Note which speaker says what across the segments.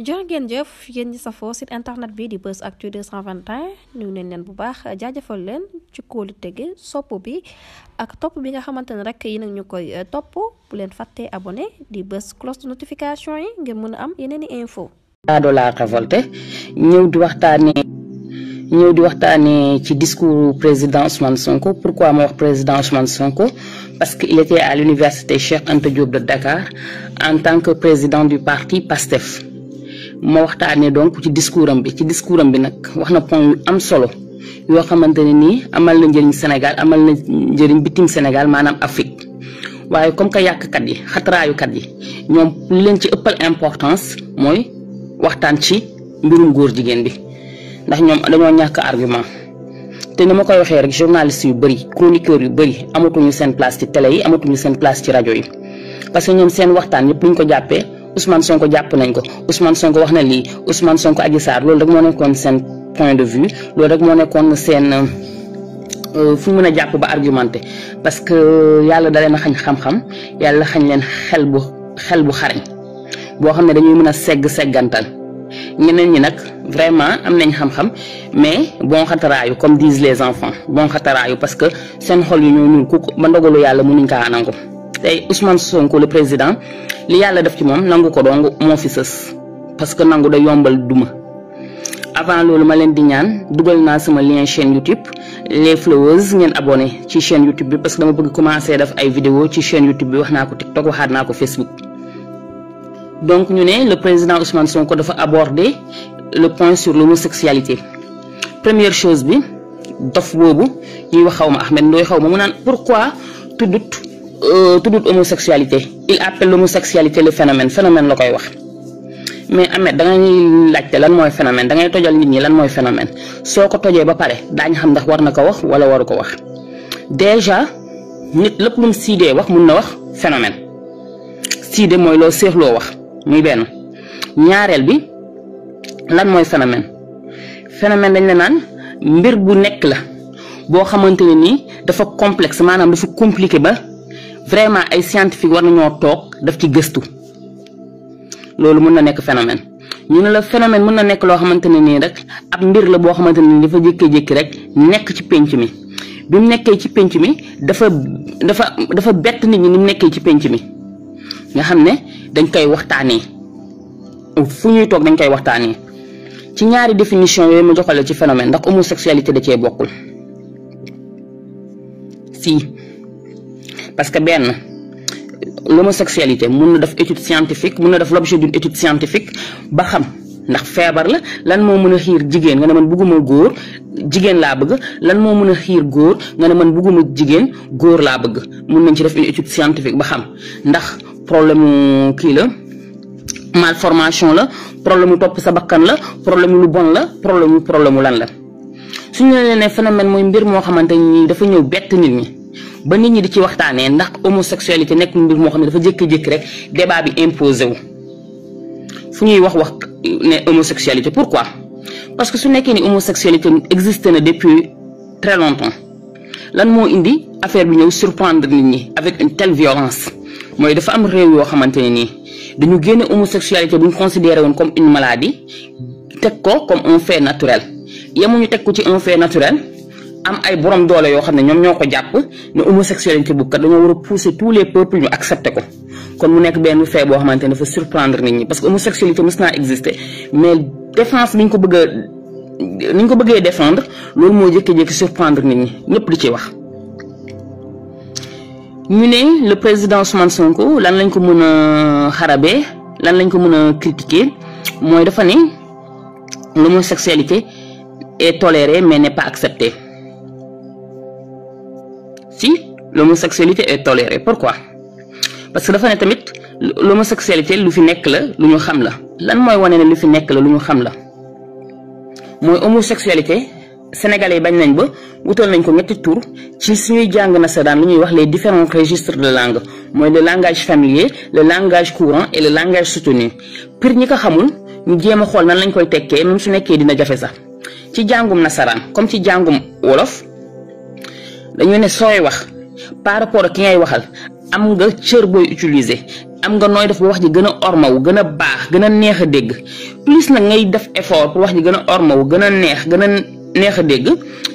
Speaker 1: jërë ngeen jëf yéen ñi safoo site internet bi di Buzz Actu 221 ñu neen leen bu baax jaajëfal leen ci koolu tege sopp bi ak topp bi nga xamante ne rek yi nag ñu koy eh, topp bu leen fatte abonné di bës cloche de notification yi ngeen mën a am yeneen i info daado la révolté ñëw di waxtaane ñëw di waxtaane ci discours président Ousmane Sonko pourquoi ma wax président Ousmane Sonko parce que il était à l'université Cheikh Anta Diop de Dakar en tant que président du parti PASTEF ma waxtaanee donc ci discours am bi ci discours am bi nag wax na point yu am solo yoo xamante ne nii amal na njëriñ Sénégal amal na njëriñ bitim Sénégal maanaam Afrique waaye comme que kat yi xataraayukat yi ñoom li leen ci ëppal importance mooy waxtaan ci mbirum góor jigéen bi ndax ñoom dañoo ñàkk argument te ni ma koy waxee rek journaliste yu bëri chroniqueur yu bëri amatuñu seen place ci télé yi amatuñu seen place ci rajo yi parce que ñoom seen waxtaan yëpp luñ ko jàppee. Ousmane Sonko jàpp nañ ko Ousmane Sonko wax na lii Ousmane Sonko Adji Sarr loolu rek moo nekkoon seen point de vue loolu rek moo nekkoon seen euh, fu mun a jàpp ba argumenté parce que euh, yàlla da na a xañ xam-xam yàlla xañ leen xel bu xel bu xarañ boo xam ne dañuy mën a segg seggantal ñeneen ñi nag vraiment am nañ xam-xam mais bon xataraayu comme disent les enfants bon xataraayu parce que seen xol yu ñoo ñuul ku ba ndogalu yàlla mënuñ kaa nangu tey Ousmane Sonko le président li yàlla def ci moom nangu ko dong moo fi sës parce que nangu da yombal duma avant loolu ma leen di ñaan dugal naa sama lien chaîne YouTube les flowers ngeen abonné ci chaîne YouTube bi parce que dama bëgg commencer def ay vidéo ci chaîne YouTube bi wax naa ko TikTok waxaat naa ko Facebook. donc ñu ne le président Ousmane Sonko dafa aborder le point sur l'homosexualité première chose bi dof boobu ñuy wax xaw Ahmed Ndoye Euh, tuddut homosexualité il appelle l'homosexualité le phénomène phénomène la koy wax mais Ameth da ngay laajte lan mooy phénomène dangay ngay tojal nit ñi lan mooy phénomène soo ko tojee ba pare daañ xam ndax war na ko wax wala waru ko wax déjà nit lépp lu mu siidee wax mun na wax phénomène siidee mooy loo seexloo wax muy benn ñaareel bi lan mooy phénomène phénomène dañ la naan mbir bu nekk la boo xamante nii dafa complexe maanaam dafa compliqué ba. vraiment ay scientifique war nañoo toog daf ci gëstu loolu mën na nekk phénomène ñu ne la phénomène mën na nekk loo xamante ne nii rek ab mbir la boo xamante ne nii dafa jékkee-jékki rek nekk ci pénc mi bi mu nekkee ci pénc mi dafa dafa dafa bett nit ñi ni mu nekkee ci pénc mi nga xam ne dañ koy waxtaanee fu ñuy toog dañ koy waxtaanee ci ñaari définition yooyu ma joxale ci phénomène ndax homosexualité da cee bokkul si parce que benn l'homosexualité mun na def étude scientifique mun na def l'objet d'une étude scientifique ba xam ndax feebar la lan moo mën a xiir jigéen nga ne man bëgguma góor jigéen laa bëgg lan moo mën a xiir góor nga ne man bëgguma jigéen góor laa bëgg mun nañ ci def une étude scientifique ba xam ndax problème kii la formation la problème mu topp sa bakkan la problème lu bon la problème mu problème mu lan la suñu la leen ne phénomène mooy mbir moo xamante ni dafa bett nit ñi. ba nit ñi di ci waxtaanee ndax homosexualité nekk mbir moo xam ne dafa jékki-jékki rek débat bi imposé wu fu ñuy wax wax ne homosexualité pourquoi parce que su nekkee ni homosexualité existe na depuis très longtemps lan moo indi affaire bi ñëw surprendre nit ñi avec une telle violence mooy dafa am réew yoo xamante ne nii dañu génne homosexualité bu ñu considéré woon comme une maladie teg ko comme un fait naturel yemuñu teg ko ci un fait naturel am ay borom doole yoo xam ne ñoom ñoo ko jàpp ne homosexualité bu kat dañoo war a pousser tous les peuples ñu accepté ko kon mu nekk benn fait boo xamante ne dafa surprendre nit ñi parce que homosexualité mës naa exister mais défense ko bëgg a ko bëggee défendre loolu moo jékki-jékki surprendre nit ñi ñëpp di ci wax. ñu ne le président Ousmane Sonko lan lañ ko mën a xarabee lan lañ ko mën a critiquer mooy dafa ne l'homosexualité est tolérée mais n'est pas acceptée. ci l'homosexualité est tolérée pourquoi parce que dafa ne tamit l'homosexualité lu fi nekk la lu ñu xam la lan mooy wane ne lu fi nekk la lu ñu xam la mooy homosexualité sénégalais yi bañ nañ ba wutal nañ ko ñetti tour ci suñuy jàng nasaraan lu ñuy wax les différents registres de langue mooy le langage familier le langage courant et le langage soutenu pour ñi ko xamul ñu jéem a xool nan lañ koy tekkee même su nekkee dina jafe sax ci jàngum nasaraan comme dañu ne sooy wax par rapport ak ki ngay waxal am nga cër booy utiliser am nga nooy def ba wax ji gën a ormawu gën a baax gën a neex a dégg plus nag ngay def effort pour wax ji gën a ormawu gën a neex gën a neex a dégg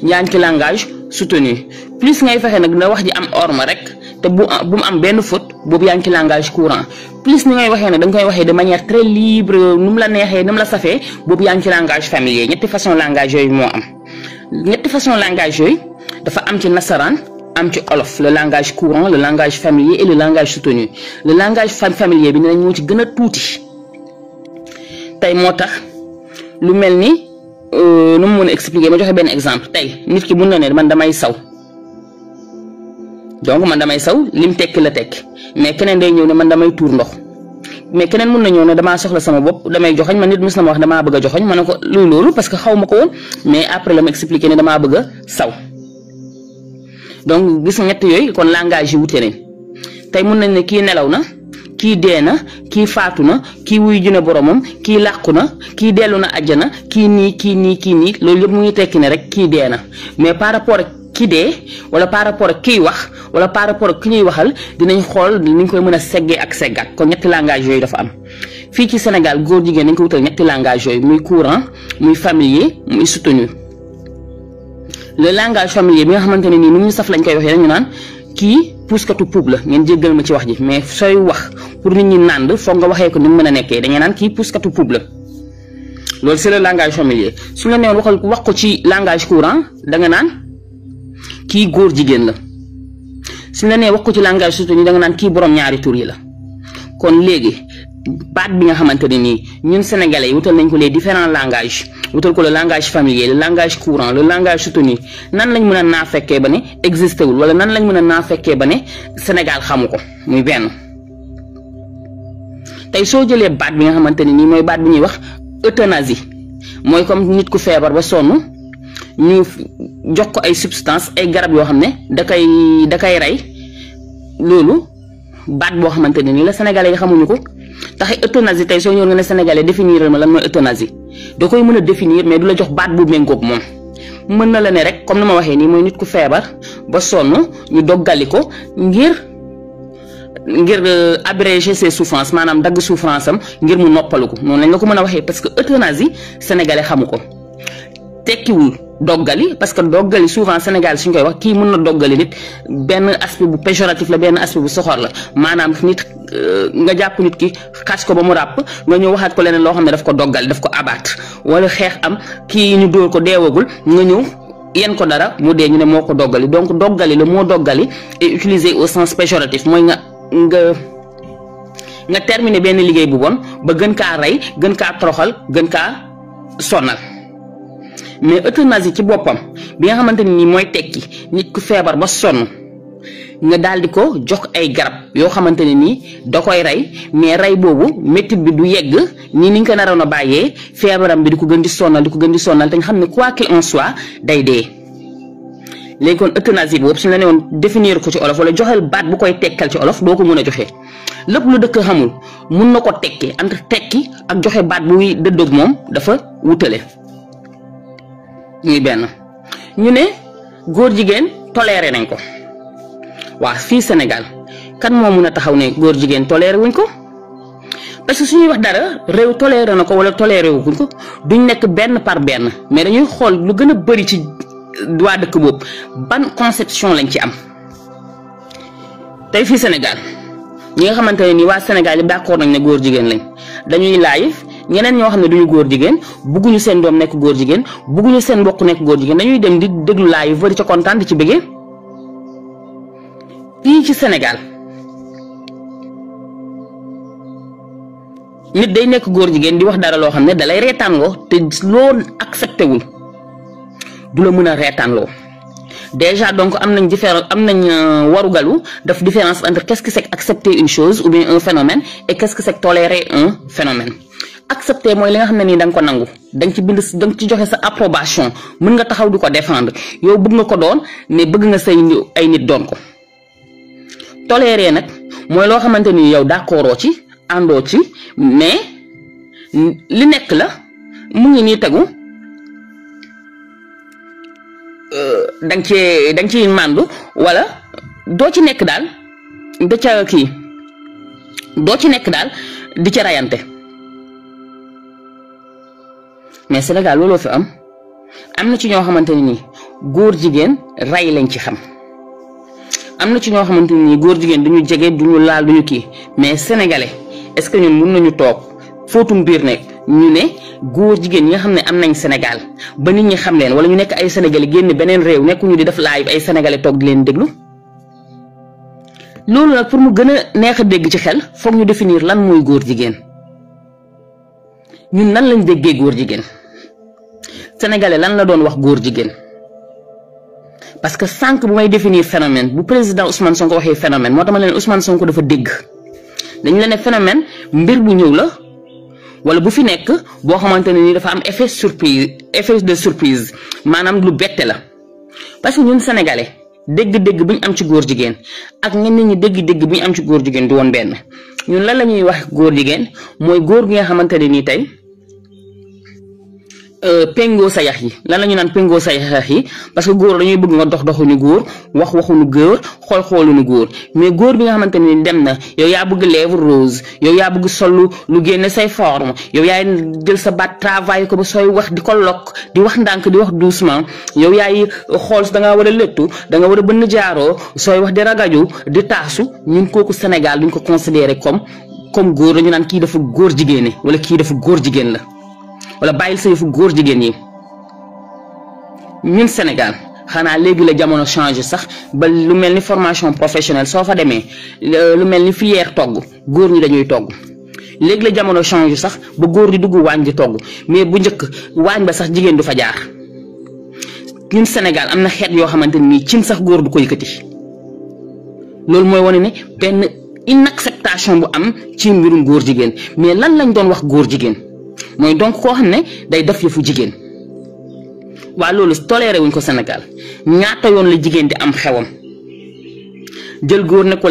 Speaker 1: yaa ci langage soutenu plus ngay fexe nag na wax ji am orma rek te bu bu mu am benn faute boobu yaa ci langage courant plus ni ngay waxee nag da koy waxee de manière très libre nu mu la neexee nu mu la safee boobu yaa langage familier ñetti façon langage yooyu moo am ñetti façon langage yooyu. dafa am ci nasaraan am ci olof le langage courant le langage familier et le langage soutenu le langage familier bi nañ moo ci gën a tuuti tey moo tax lu mel ni euh, nu mu mën a expliquer ma joxe benn exemple tey nit ki mun na ne man damay saw donc man damay saw lim tekki la tekk mais keneen day ñëw ne man damay tuur ndox mais keneen mun na ñëw ne damaa soxla sama bopp damay joxoñ man nit mus na ma wax damaa bëgg a joxoñ ma ne ko luy loolu parce que xaw ko mais après la ma expliquer ne damaa bëgg saw donc gis ñett yooyu kon langage yi wute nañ tey mun nañ ne kii nelaw na kii dee na kii faatu na kii wuy ji na boromam kii làqu na kii dellu na na kii nii kii nii kii nii loolu yëpp mu ngi tekki ne rek kii dee na mais par rapport ak ki dee wala par rapport ak kiy wax wala par rapport ak ki ñuy waxal dinañ xool dinañ koy mën a seggee ak seggaat kon ñetti langage yooyu dafa am. fii ci senegal góor jigéen dañ ko wutal ñetti langage yooyu muy courant muy familier muy soutenu. le langage familier bi nga xamante ne nii nu ñu saf lañ koy waxee dañu naan kii puuskatu puub la ngeen jéggal ma ci wax ji mais sooy wax pour nit ñi nànd foog nga waxee ko ni mu mën a nekkee dañuy naan kii puuskatu puub la. loolu c'est le langage familier su la nee waxal wax ko ci langage courant da nga naan kii góor jigéen la su la wax ko ci langage soutenu da nga naan kii borom ñaari tur yi la kon léegi. baat bi nga xamante ne nii ñun sénégalais yi wutal nañ ko les différents langages wutal ko le langage familier le langage courant le langage soutenu nan lañ mën a naa fekkee ba ne existé wul wala nan lañ mën a naa fekkee ba ne Sénégal xamu ko muy benn tey soo jëlee baat bi nga xamante ne nii mooy baat bi ñuy wax euthanasie mooy comme nit ku feebar ba sonn ñu jox ko ay substance ay garab yoo xam ne da kay da kay rey loolu baat boo xamante ne nii la sénégalais xamuñu ko. tax euthanasie tey soo ñëwoon nga ne sénégalais définir ma lan mooy euthanasie da koy mën a définir mais du la jox baat bu méngoog moom mën na la ne rek comme ni ma waxee nii mooy nit ku feebar ba sonn ñu doggali ko ngir ngir euh, abréger ses souffrances maanaam dagg souffrance am ngir mu noppalu ko noonu lañ la ko mën a waxee parce que euthanasie sénégalais xamu ko tekkiwul. doggali parce que doggali souvent Sénégal suñ koy wax kii mën na doggali nit benn aspect bu péjoratif la benn aspect bu soxor la maanaam nit euh, nga jàpp nit ki xas ko ba mu ràpp nga ñëw waxaat ko leneen loo xam ne daf ko doggal daf ko abaat wala xeex am kii ñu dóor ko deewagul nga ñëw yenn ko dara mu dee ñu ne moo ko doggali donc doggali la moo doggali utiliser au sens péjoratif mooy nga nga terminé benn liggéey bu bon ba gën kaa rey gën kaa toroxal gën kaa sonal. mais euthanasie ci boppam bi nga xamante nii mooy tekki nit ku feebar ba sonn nga daal di ko jox ay garab yoo xamante ne nii da koy rey mais rey boobu métit bi du yegg nii ni nga ko naroon a bàyyee feebaram bi di ko gën di sonnal di ko gën di sonnal te nga xam ne quoi qu'il en soit day dee. léegi kon euthanasie boobu suñ la ne woon définir ko ci olof wala joxel baat bu koy tekkal ci olof doo ko mën a joxee lépp lu dëkk xamul mun na ko tekki entre tekki ak joxe baat bu dëddoog moom dafa wutale. muy benn ñu ne góor jigéen toléré nañ ko waa fii Sénégal kan moo mun a taxaw ne góor jigéen toléré wuñ ko parce que suñuy wax dara réew toléré na ko wala toléré wuñ ko duñ nekk benn par benn mais dañuy xool lu gën a bëri ci waa dëkk boobu ban conception lañ ci am. tey fii Sénégal ñi nga xamante ne nii waa Sénégal yi d'accord nañ ne góor jigéen lañ dañuy live ñeneen ñoo xam ne duñu góor jigéen bugguñu seen doom nekk góor jigéen bugguñu seen mbokk nekk góor jigéen dañuy dem di déglu laay yu bëri ca kontaan di ci bëggee fii ci Sénégal nit day nekk góor jigéen di wax dara loo xam ne dalay reetaanloo te loo accepté wul du la mën a reetaanloo déjà donc am nañ différence am nañ euh, warugalu daf différence entre qu'est-ce que c'est accepter une chose ou bien un phénomène et qu'est-ce que c'est tolérer un phénomène accepter mooy li nga xam ne nii danga ko nangu da nga ci bind da danga ci joxe sa approbation mën nga taxaw di ko defendre yow bëgg nga ko doon ne bëgg nga say ay nit doon ko tolérer nag mooy loo xamante ni yow d'accordoo ci àndoo ci mais li nekk la mu ngi tegu euh, da nga cee da nga màndu wala doo ci nekk daal da ca kii doo ci nekk daal di ca rayante mais Sénégal looloo fi am am na ci ñoo xamante ne nii góor jigéen ray lañ ci xam am na ci ñoo xamante ne nii góor jigéen duñu jege duñu laal duñu kii mais sénégalais est-ce que ñun mun nañu toog fóotum biir nekk ñu ne góor jigéen ñi nga xam ne am nañ senegal ba nit ñi xam leen wala ñu nekk ay sénégalais génn beneen réew nekkuñu di def live ay sénégalais toog di leen déglu. loolu nag pour mu gën a neex a dégg ci xel foog ñu définir lan mooy góor jigéen. ñun nan lañ déggee góor jigéen sénégalais lan la doon wax góor jigéen parce que sànq bu may définir phénomène bu président Ousmane Sonko waxee phénomène moo tax ma leen Ousmane Sonko dafa dégg dañ leen ne mbir bu ñëw la wala bu fi nekk boo xamante ne ni dafa am effet surprise effet de surprise maanaam lu bette la parce que ñun sénégalais dégg-dégg bu ñu am ci góor jigéen ak ñenn ñi dégg-dégg bi ñu am ci góor jigéen du woon benn. ñun lan la ñuy wax góor jigéen mooy góor gi nga xamante ne nii tey Euh, péngoo sa yax yi lan la ñu naan péngoo sa yax yi parce que góor dañuy bëgg nga dox doxuñu góor wax waxu waxuñu góor xool xoolu xooluñu góor mais góor bi nga xamante ni dem na yow yaa bëgg lèvre rose yow yaa bëgg sol lu génne say forme yow yaay jël sa baat travail ko ba sooy wax di ko lokk di wax ndànk di wax doucement yow yaay xool da ngaa war a léttu da nga war a bënn jaaro sooy wax di ragaju di taasu ñun kooku Sénégal duñ ko considéré comme comme góor dañu naan kii dafa góor jigéene wala kii dafa góor jigéen la wala bàyyil sa yëfu góor jigéen yi ñun Sénégal xanaa léegi la jamono changé sax ba lu mel ni formation professionnelle soo fa demee lu mel ni filière togg góor ñi dañuy togg léegi la jamono changé sax ba góor di dugg waañ di togg mais bu njëkk waañ ba sax jigéen du fa jaar ñun Sénégal am na xeet yoo xamante ni cin sax góor du ko yëkkati loolu mooy wane ne benn inacceptation bu am ci mbirum góor jigéen mais lan lañ doon wax góor jigéen. mooy donc koo xam ne day def yëfu jigéen waa loolu toléré wuñ ko senegal ñaata yoon la jigéen di am xewam jël góor ne ko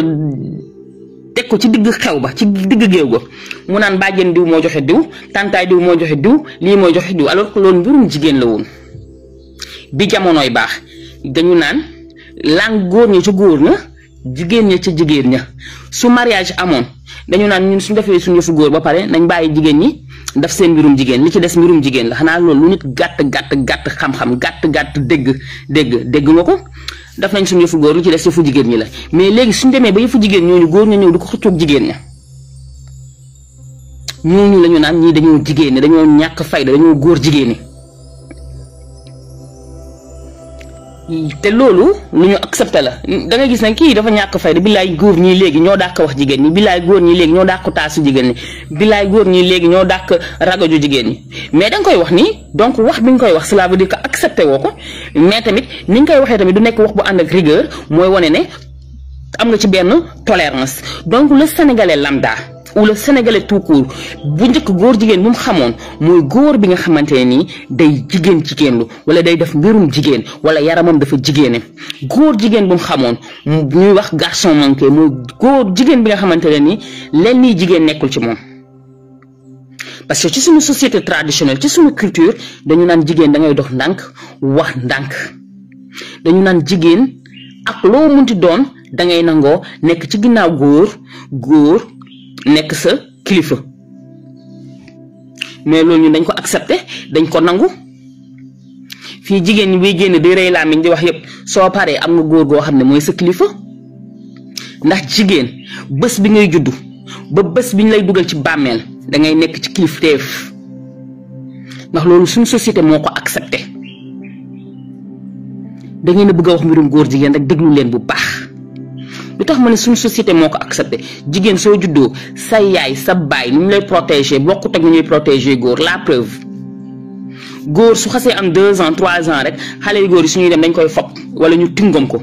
Speaker 1: teg ko ci digg xew ba ci digg géew ga mu naan bàjjen diw moo joxe diw tàntaay diw moo joxe diw lii mooy joxe diw alors que loolu mbirum jigéen la woon bi jamonooy baax dañu naan lan góor ña ca góor na jigéen ña ca jigéen ña su mariage amoon dañu naan ñun suñu defee suñu yëfu góor ba pare nañ bàyyi jigéen ñi daf seen mbirum jigéen li ci des mbirum jigéen la xanaa loolu lu nit gàtt gàtt gàtt xam-xam gàtt gàtt dégg dégg dégg nga ko daf nañ suñ yëfu góor lu ci des yëfu jigéen ñi la mais léegi suñ demee ba yëfu jigéen ñooñu góor ña ñëw di ko xëccoog jigéen ña ñooñu la ñu naan ñii dañoo jigéen ñi dañoo ñàkk fayda dañoo góor jigéen ñi te loolu lu ñu accepté la da gis ne kii dafa ñàkk fayda billaay góor ñi léegi ñoo dàq wax jigéen ñi billaay góor ñi léegi ñoo dàq taasu jigéen ñi billaay góor ñi léegi ñoo dàq ragaju jigéen ñi mais da koy wax nii donc wax bi ñu koy wax cela veut dire que accepté woo ko mais tamit ni nga koy waxee tamit du nekk wax bu ànd ak rigueur mooy wane ne am nga ci benn tolérance donc le sénégalais lambda ou le sénégalais tout court bu njëkk góor jigéen bu mu xamoon mooy góor bi nga xamante ne nii day jigéen jigéenlu wala day def mbirum jigéen wala yaramam dafa jigéene góor jigéen bu mu xamoon wax garçon manqué mooy góor jigéen bi nga xamante ne nii lenn nii jigéen nekkul ci moom. parce que ci suñu société traditionnelle ci suñu culture dañu naan jigéen dangay ngay dox ndànk wax ndànk dañu naan jigéen ak loo munti doon da ngay nangoo nekk ci ginnaaw góor góor. nekk sa kilifa mais loolu ñun dañ ko accepter dañ ko nangu fii jigéen ñi buy génn di rey làmmiñ di wax yëpp soo paree am nga góor goo xam ne mooy sa kilifa ndax jigéen bés bi ngay juddu ba bés bi ñu lay dugal ci bàmmeel dangay nekk ci kilifteef ndax loolu suñ société moo ko accepté da ngeen a bëgg a wax mbirum góor jigéen rek déglu leen bu baax lu tax ma ne suñu société moo ko accepté jigéen soo juddoo sa yaay sa baay nu ñu lay protégé bokkut ak nu ñuy protégé góor la preuve góor su xasee am deux ans trois ans rek xale yu góor yi suñuy dem dañ koy fopp wala ñu tingom ko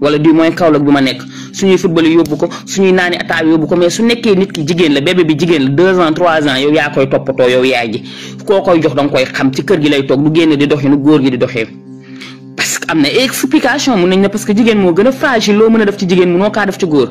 Speaker 1: wala du moins Kaolack bi ma nekk su suñuy football yóbbu ko suñuy naani ataaw yóbbu ko mais su nekkee nit ki jigéen la bébé bi jigéen la deux ans trois ans yow yaa koy toppatoo yow yaay ji koo koy jox danga koy xam ci kër gi lay toog du génn di doxinu góor gi di doxee. am na explication mun nañ ne parce que jigéen moo gën a fragile loo mën a def jigéen mënoo kaa def ci góor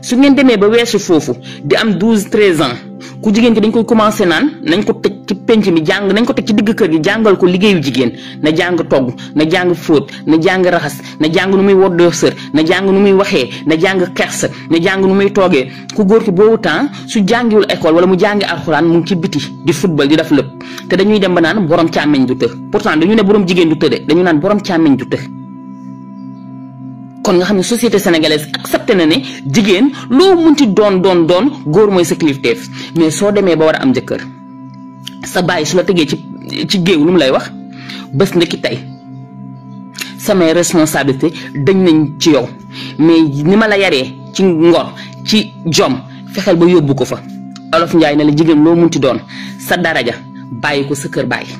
Speaker 1: su ngeen demee ba weesu foofu di am douze treize ans ku jigéen ki dañ koy commencé naan nañ ko teg ci penc mi jàng nañ ko teg ci digg kër gi jàngal ko liggéeyu jigéen na jàng togg na jàng fóot na jàng raxas na jàng nu muy woddoo sër na jàng nu muy waxee na jàng xers na jàng nu muy toogee ku góor ki boobu temps su jàngiwul école wala mu jàngi alxuraan mu ngi ci biti di football di def lépp te dañuy dem ba naan borom càmmeñ du të pourtant dañu ne borom jigéen du të dañu naan borom càmmeñ du të kon nga xam ne société sénégalaise accepté na ne jigéen loo munti doon doon doon góor mooy sa kilifteef mais soo demee ba war a am jëkkër sa bàyyi su la tegee ci ci géew lu mu lay wax bés na ki tey samay responsabilité dañ nañ ci yow mais ni ma la yaree ci ngor ci jom fexeel ba yóbbu ko fa olof njaay na la jigéen loo mun munti doon sa daraja bàyyi ko sa kër bàyyi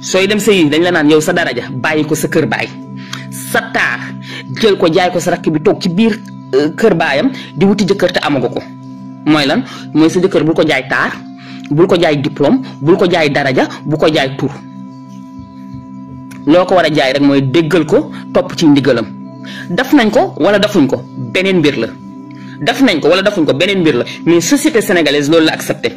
Speaker 1: sooy dem sëy dañ la naan yow sa daraja bàyyi ko sa kër bàyyi sattaar jël ko jaay ko sa rakk bi toog ci biir euh, kër baayam di wuti jëkkër te amagu ko mooy lan mooy sa jëkkër bul ko jaay taar bul ko jaay diplôme bul ko jaay daraja bu ko jaay tur loo ko war a jaay rek mooy déggal ko topp ci ndigalam daf nañ ko wala dafuñ ko beneen mbir la daf nañ ko wala dafuñ ko beneen mbir la mais société sénégalaise loolu la accepté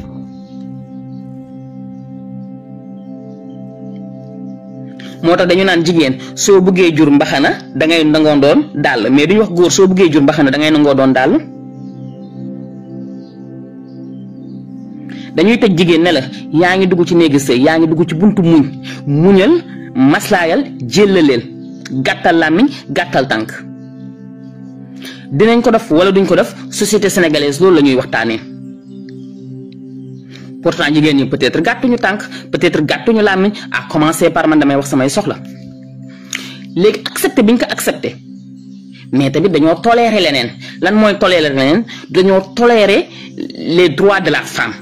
Speaker 1: moo tax dañu naan jigéen soo buggee jur mbaxana da ngay nangoo doon dàll mais duñu wax góor soo buggee jur mbaxana da ngay nangoo doon dàll dañuy tëj jigéen ne la yaa ngi dugg ci néegi sëy yaa ngi dugg ci buntu muñ muñal maslaayal jéllaleel gàttal làmmiñ gàttal tànk dinañ ko def wala duñ ko def société sénégalaise loolu la ñuy waxtaanee pourtant jigéen ñi peut-être gàttuñu tànk peut-être gàttuñu làmmiñ à commencer par man damay wax samay soxla léegi accepté bi ñu ko accepté mais tamit dañoo toléré leneen lan mooy toléré leneen dañoo toléré les droits de la femme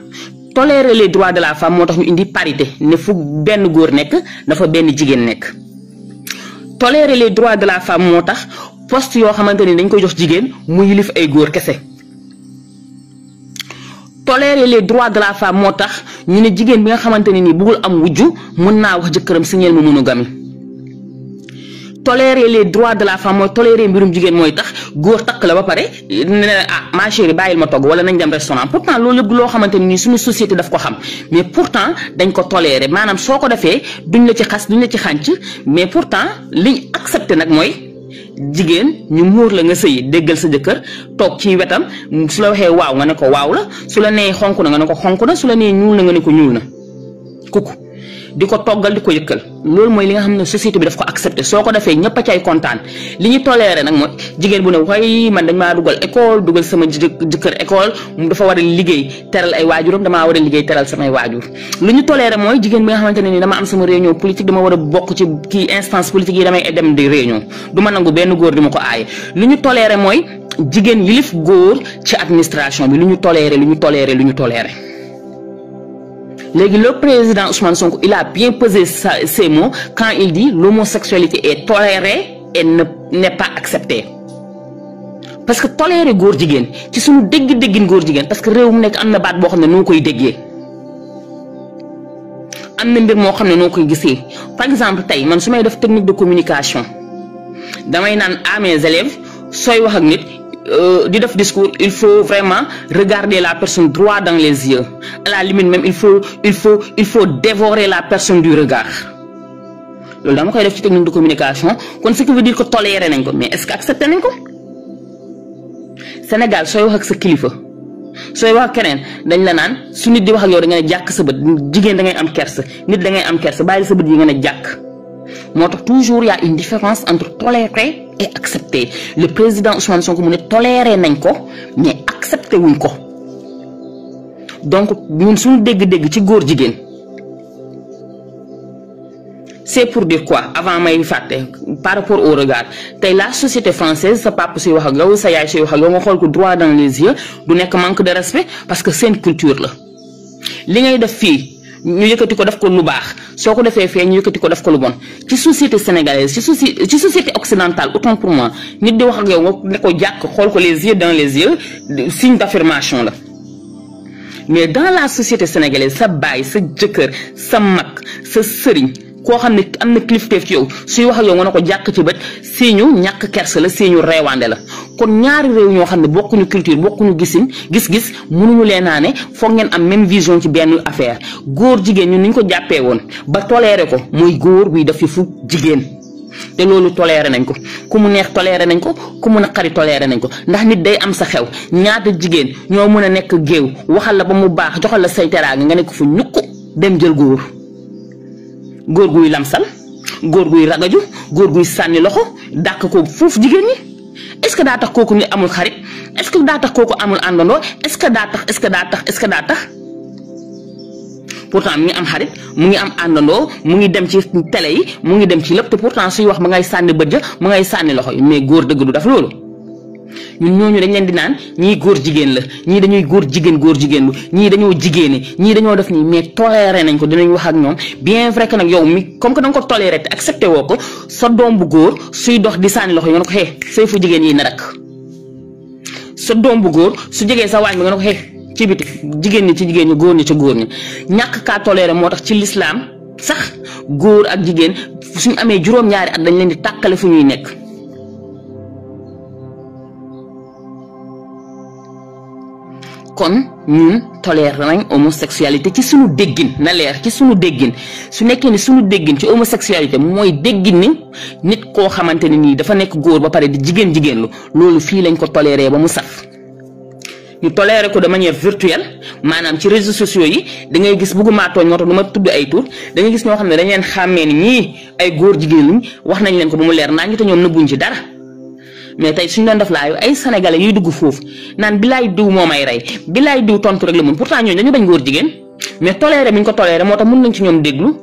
Speaker 1: toléré les droits de la femme moo tax ñu indi parité ne fu benn góor nekk dafa benn jigéen nekk toléré les droits de la femme moo tax poste yoo xamante ni dañ koy jox jigéen mu yilif ay góor kese tolérer les droits de la femme moo tax ñu ne jigéen bi nga xamante ne nii bëggul am wujju mën naa wax jëkkëram signeel ma monogamie tolérer les droits de la femme mooy tolérer mbirum jigéen mooy tax góor takk la ba pare ne ah ma chérie bàyyil ma togg wala nañ dem restaurant pourtant loolu yëpp loo xamante ne nii suñu société daf ko xam mais pourtant dañ ko tolérer maanaam soo ko defee duñ la ci xas duñ la ci xànc mais pourtant liñ accepté nag mooy. jigéen ñu muur la nga sëyi déggal sa jëkkër toog ci wetam su la waxee waaw nga ne ko waaw la su la nee xonq na nga ne ko xonk na su la nee ñuul na nga ne ko ñuul na kukku di ko toggal di ko yëkkal loolu mooy li nga xam ne société bi daf ko accepté soo ko defee ñëpp a cay kontaan li ñu toléré nag mooy jigéen bu ne way man dañ maa dugal école dugal sama jëkkër école dafa war a liggéey teral ay waajuram damaa war a liggéey teral samay waajur li ñu toléré mooy jigéen bi nga xamante ne ni dama am sama réunion politique dama war a bokk ci kii instance politique yi damay dem di réunion du ma nangu benn góor di ko aaye li ñu toléré mooy jigéen yilif góor ci administration bi lu ñu toléré lu ñu toléré lu ñu toléré léegi le président Ousmane Sonko il a bien pesé sa ses mots quand il dit l'homosexualité est tolérée et ne n'est pas parce que toléré góor jigéen ci suñu dégg-déggin góor jigéen parce que réew mu nekk am na baat boo xam ne noo koy déggee am na mbir moo xam ne noo koy gisee par exemple tey man su may def technique de communication damay naan à mes élèves sooy wax ak nit Euh, di def discours il faut vraiment regarder la personne droit dans les yeux à la limite même il faut il faut il faut dévorer la personne du regard loolu dama koy def ci technique de communication kon ce qui veut dire que toléré nañ ko mais est-ce que accepté nañ ko Sénégal sooy wax sa kilifa sooy wax keneen dañ la naan su nit di wax ak yow da nga ne jàkk sa bët jigéen da ngay am kersa nit da ngay am kersa bàyyi sa bët yi nga ne jàkk moo tax toujours y a une différence entre tolérer et accepter le président Ousmane Sonko mu ne toléré nañ ko mais accepté wuñ ko donc ñun suñu dégg-dégg ci góor jigéen c'est pour dire quoi avant may fàtte par rapport au regard tey la société française sa papa suy wax ak yow sa yaay suy wax ak yow nga xool ko droit dans les yeux du nekk manque de respect parce que seen culture la li ngay def fii ñu yëkkati ko def ko lu baax soo ko defee fee ñu yëkkati ko def ko lu bon ci société sénégalaise ci soci ci société occidentale autant pour moi nit di wax ak yow nga ne ko jàkk xool ko les yeux dans les yeux signe d'affirmation la mais dans la société sénégalaise sa baay sa jëkkër sa mag sa sëriñ koo xam ne am na kilifteef ci yow suy wax ak yow nga ne ko jàkk ci bët siiñu ñàkk kersa la siiñu reewaande la kon ñaari réew ñoo xam ne bokkuñu culture bokkuñu gisin gis-gis mënuñu leen naa ne foog ngeen am même vision ci benn affaire góor jigéen ñun ni ko jàppee woon ba toléré ko muy góor buy def yëfu jigéen. te loolu toleere nañ ko ku mu neex toléré nañ ko ku mu naqari toléré nañ ko ndax nit day am sa xew ñaata jigéen ñoo mën a nekk géew waxal la ba mu baax joxal la say teraanga nga nekk fu ñukk dem jël góor. góor guy lamsal góor guy ragaju góor guy sànni loxo dàq ko foofu jigéen est-ce que daa tax kooku ni amul xarit est-ce que daa tax kooku amul àndandoo est-ce que daa tax est-ce que daa tax ce que daa tax pourtant mu ngi am xarit mu ngi am àndandoo mu ngi dem ci télé yi mu ngi dem ci lépp te pourtant suy wax ma ngay sànni bët ja ma ngay sànni loxo yi mais góor dëgg du def loolu. ñun ñooñu dañ leen di naan ñii góor jigéen la ñii dañuy góor jigéen góor jigéen lu ñii dañoo jigéene ñii dañoo def nii mais toléré nañ ko dinañ wax ak ñoom bien vrai que nag yow mi comme que da nga ko toléré te accepté woo ko sa doom bu góor suy dox di sànni loxo nga ne ko xee say jigéen yi na rak doom bu góor su jegee sa waañ bi nga ne ko xee ci biti jigéen ñi ci jigéen ñu góor ñi ci góor ñi ñàkk kaa toléré moo tax ci lislaam sax góor ak jigéen suñ amee juróom-ñaari at dañ leen di tàkkale fu ñuy nekk kon ñun tolère nañ homosexualité ci suñu déggin na leer ci suñu déggin su nekkee ni suñu déggin ci homosexualité mooy déggin ni nit koo xamante ne nii dafa nekk góor ba pare di jigéen jigéen lu loolu fii lañ ko toléré ba mu saf ñu toléré ko dama ñeer virtuelle maanaam ci réseaux sociaux yi da ngay gis bëgguma tooñ moo tax du ma tudd ay tur da gis ñoo xam ne dañ leen xàmmee ni ñii ay góor jigéen luñ wax nañ leen ko ba mu leer naa ñu te ñoom nëbbuñ ci dara mais tey suñu doon def laayu ay sénégalais yuy dugg foofu naan billaay diw moo may rey bilaay diw tontu rek la mun pourtant ñooñu dañu bañ góor jigéen mais toléré bi ñu ko toléré moo tax mun nañ ci ñoom déglu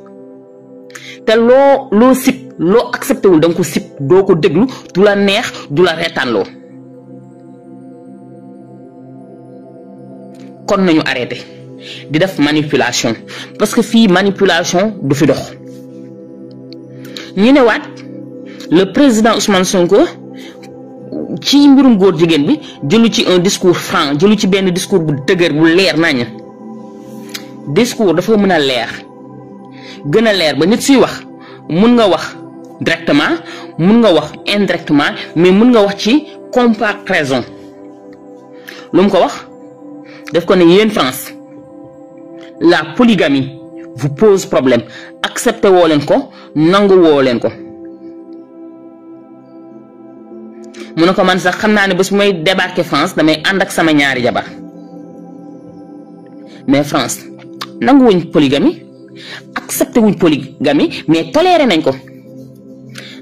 Speaker 1: te loo loo sip loo accepté wul ko sip doo ko déglu du la neex du la reetaanloo kon nañu arrêté di def manipulation parce que fii manipulation du fi dox ñu ne waat le président Ousmane Sonko. ci mbirum góor jigéen bi jëlu ci un discours franc jëlu ci benn discours bu dëgër bu leer nañ discours dafa mën a leer gën a leer ba nit suy wax mun nga wax directement mun nga wax indirectement mais mun nga wax ci comparaison lu mu ko wax def ko ne yéen France la polygamie vous pose problème accepté woo leen ko nangu woo leen ko. mu ne ko man sax xam naa ne ba bu may débarquer France damay ànd ak sama ñaari jabar mais France nanguwuñ polygamie accepté wuñ polygamie mais toléré nañ ko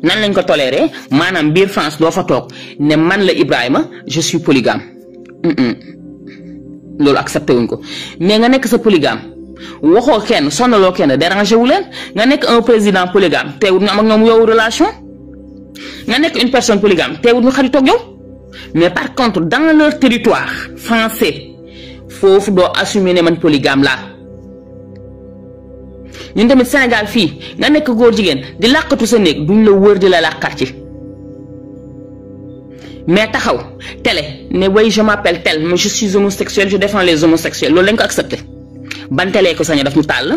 Speaker 1: nan lañ ko toléré maanaam biir France doo fa toog ne man la Ibrahima je suis polygame loolu accepté wuñ ko mais nga nekk sa polygame. waxoo kenn sonnaloo kenn dérangé wu leen nga nekk un président polygame teewul nga am ak ñoom yow relation nga nekk une personne polygame teewul ñu xaritoog yow mais par contre dans leur territoire français foofu doo assumer ne man polygame laa ñun tamit Sénégal fii nga nekk góor jigéen di làqatu sa néeg duñ la wër di la làqar ci mais taxaw télé ne way je m'appelle tel mais je suis homosexuel je défends les homosexuels loolu lañ ko accepté ban télé ko sañ a def ñu tàll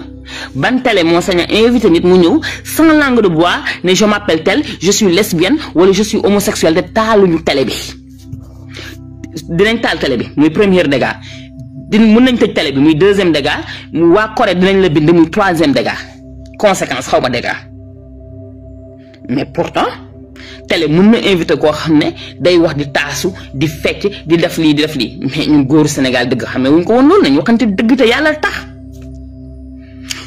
Speaker 1: ban télé moo sañ a invité nit mu ñëw sans langue de bois ne je m'appelle tel je suis lesbienne wala je suis homosexuelle te taaluñu télé bi dinañ taal télé bi muy première dégât di mun nañ tëj télé bi muy deuxième dégât mu waa Corée dinañ la bind muy troisième dégât conséquence xaw ma mais pourtant télé mun na invité koo xam ne day wax di taasu di fecc di def lii di def lii mais ñun góoru Sénégal dëgg xam xamee wuñ ko woon loolu nañu waxante dëgg te yàlla tax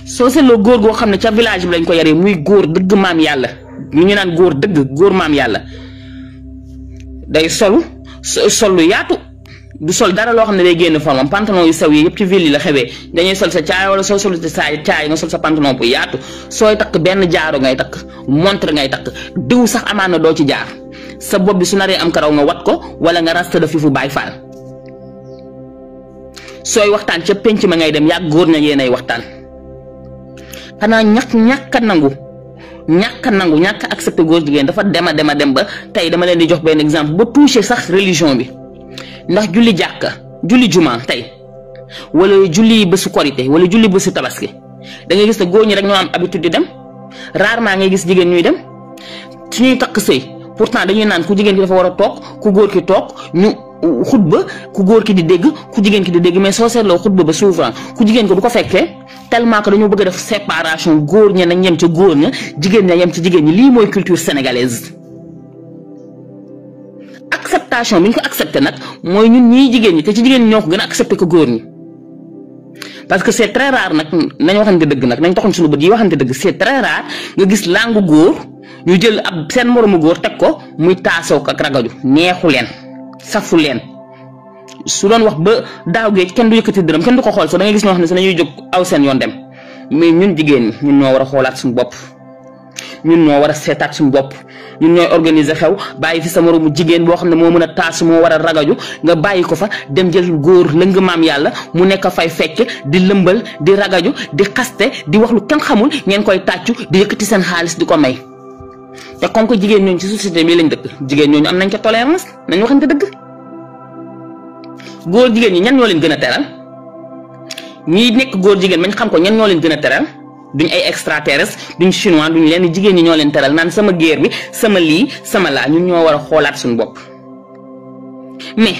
Speaker 1: soo seetloo góor goo xam ne ca village bi lañ ko yaree muy góor dëgg maam yàlla mu ñu naan góor dëgg góor maam yàlla day solu sol yaatu du sol dara loo xam ne day génn formam pantalon yu sew yi yëpp ci ville yi la xewee dañuy sol sa caay wala soo sol sa saay caay nga sol sa pantalon bu yaatu sooy takk benn jaaro ngay takk montre ngay takk diw sax amaan na doo ci jaar sa bopp bi su naree am karaw nga wat ko wala nga rasta da fi fu baay faal waxtaan ca penc ma ngay dem yaa góor na yéenay waxtaan xanaa ñàkk ñàkk a nangu ñàkk a nangu ñàkk a accepté dafa dem a dem a ba tey dama leen di jox benn exemple ba touché sax religion bi. ndax julli jàkka julli juma tey wala julli bésu korité wala julli bésu tabaski da ngay gis ne góor ñi rek ñoo am habitude di dem rarement ngay gis jigéen ñuy dem suñuy takk sëy pourtant dañuy naan ku jigéen ki dafa war a toog ku góor ki toog ñu uh, xutba ku góor ki di dégg ku jigéen ki di dégg mais soo seetloo xutba ba souvent ku jigéen ko du ko fekkee tellement que dañoo bëgg a def séparation góor ña nañ yem ca góor ña jigéen ña yem ci jigéen ñi lii mooy culture sénégalaise. acceptation bi ñu ko accepté nag mooy ñun ñii jigéen ñi te ci jigéen ñi ñoo ko gën a accepté ko góor ñi. parce que c' est très rare nag nañ waxante dëgg nag nañ taxoon suñu bët yi waxante dëgg c' est très gis langu góor ñu jël ab seen moromu góor teg ko muy taasoo ak ragaju neexu leen safu leen. su doon wax ba daaw géej kenn du yëkkati ko xool soo gis ñoo xam ne sax dañuy jóg aw seen yoon dem mais ñun jigéen ñi ñun ñoo war a xoolaat suñu bopp. ñun moo war a seetaat suñu bopp ñun ñooy organiser xew bàyyi fi sa moroomu jigéen boo xam ne moo mën a taas moo war a ragaju nga bàyyi ko fa dem jël góor lëng maam yàlla mu nekk fay fecc di lëmbal di ragaju di xaste di wax lu kenn xamul ngeen koy tàccu di yëkkati seen xaalis di ko may. te kon ko jigéen ñooñu ci société bi lañ dëkk jigéen ñooñu am nañ ca tolérance nañ waxante dëgg góor jigéen ñi ñan ñoo leen gën a teral ñi nekk góor jigéen mañ xam ko ñan ñoo leen gën a teral duñ ay extraterrestre duñ chinois duñ leen jigéen ñi ñoo leen teral naan sama géer bi sama lii sama laa ñun ñoo war a xoolaat suñu bopp mais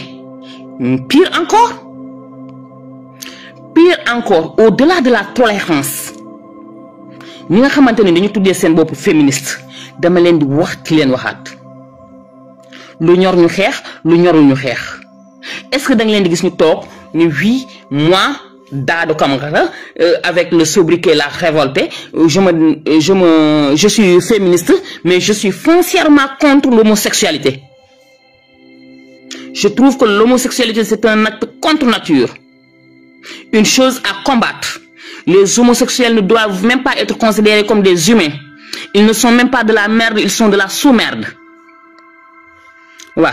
Speaker 1: pire encore pire encore au-delà de la tolérance ñi nga xamante ne dañu tuddee seen bopp féministe dama leen di wax ki leen waxaat lu ñor ñu xeex lu ñorul ñu xeex est-ce que da leen di gis ñu toog ni oui moi Dado Kamara euh, avec le sobriquet La Révoltée euh, euh, je me je me suis féministe mais je suis foncièrement contre l'homosexualité je trouve que l'homosexualité c'est un acte contre nature une chose à combattre les homosexuels ne doivent même pas être considérés comme des humains ils ne sont même pas de la merde ils sont de la sous-merde waaw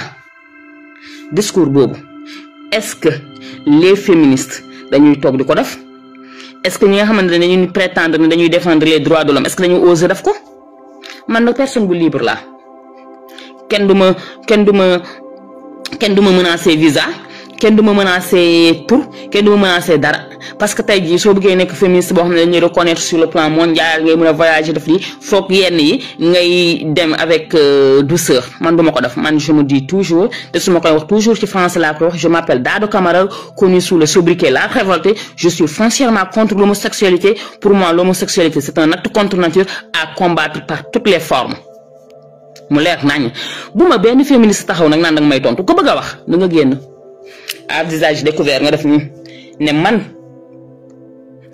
Speaker 1: discours boobu est-ce que les féministes dañuy toog di ko def est-ce que ñi nga xamante ne dañuy prétendre ne dañuy défendre les droits de l'homme est-ce que dañuy oser def ko man nag personne bu libre laa kenn du ma kenn du ma kenn du ma menacer visa. kenn du ma menacé tur kenn du ma menacé dara parce que tey jii soo bëggee nekk féministe boo xam ne dañuy reconnaître sur le plan mondial ngay mën a voyager def lii foog yenn yi ngay dem avec euh, douceur man du ma ko def man je me dis toujours te su ma koy wax toujours ci france laa koy wax je m'appelle Dado Camara connu sous le sobriquet La Révoltée je suis foncièrement contre l'homosexualité pour moi l'homosexualité c'est un acte contre nature à combattre par toutes mu leer nañ bu ma benn taxaw nag naan danga may tontu ko wax da nga génn à visage découvert nga def ni ne man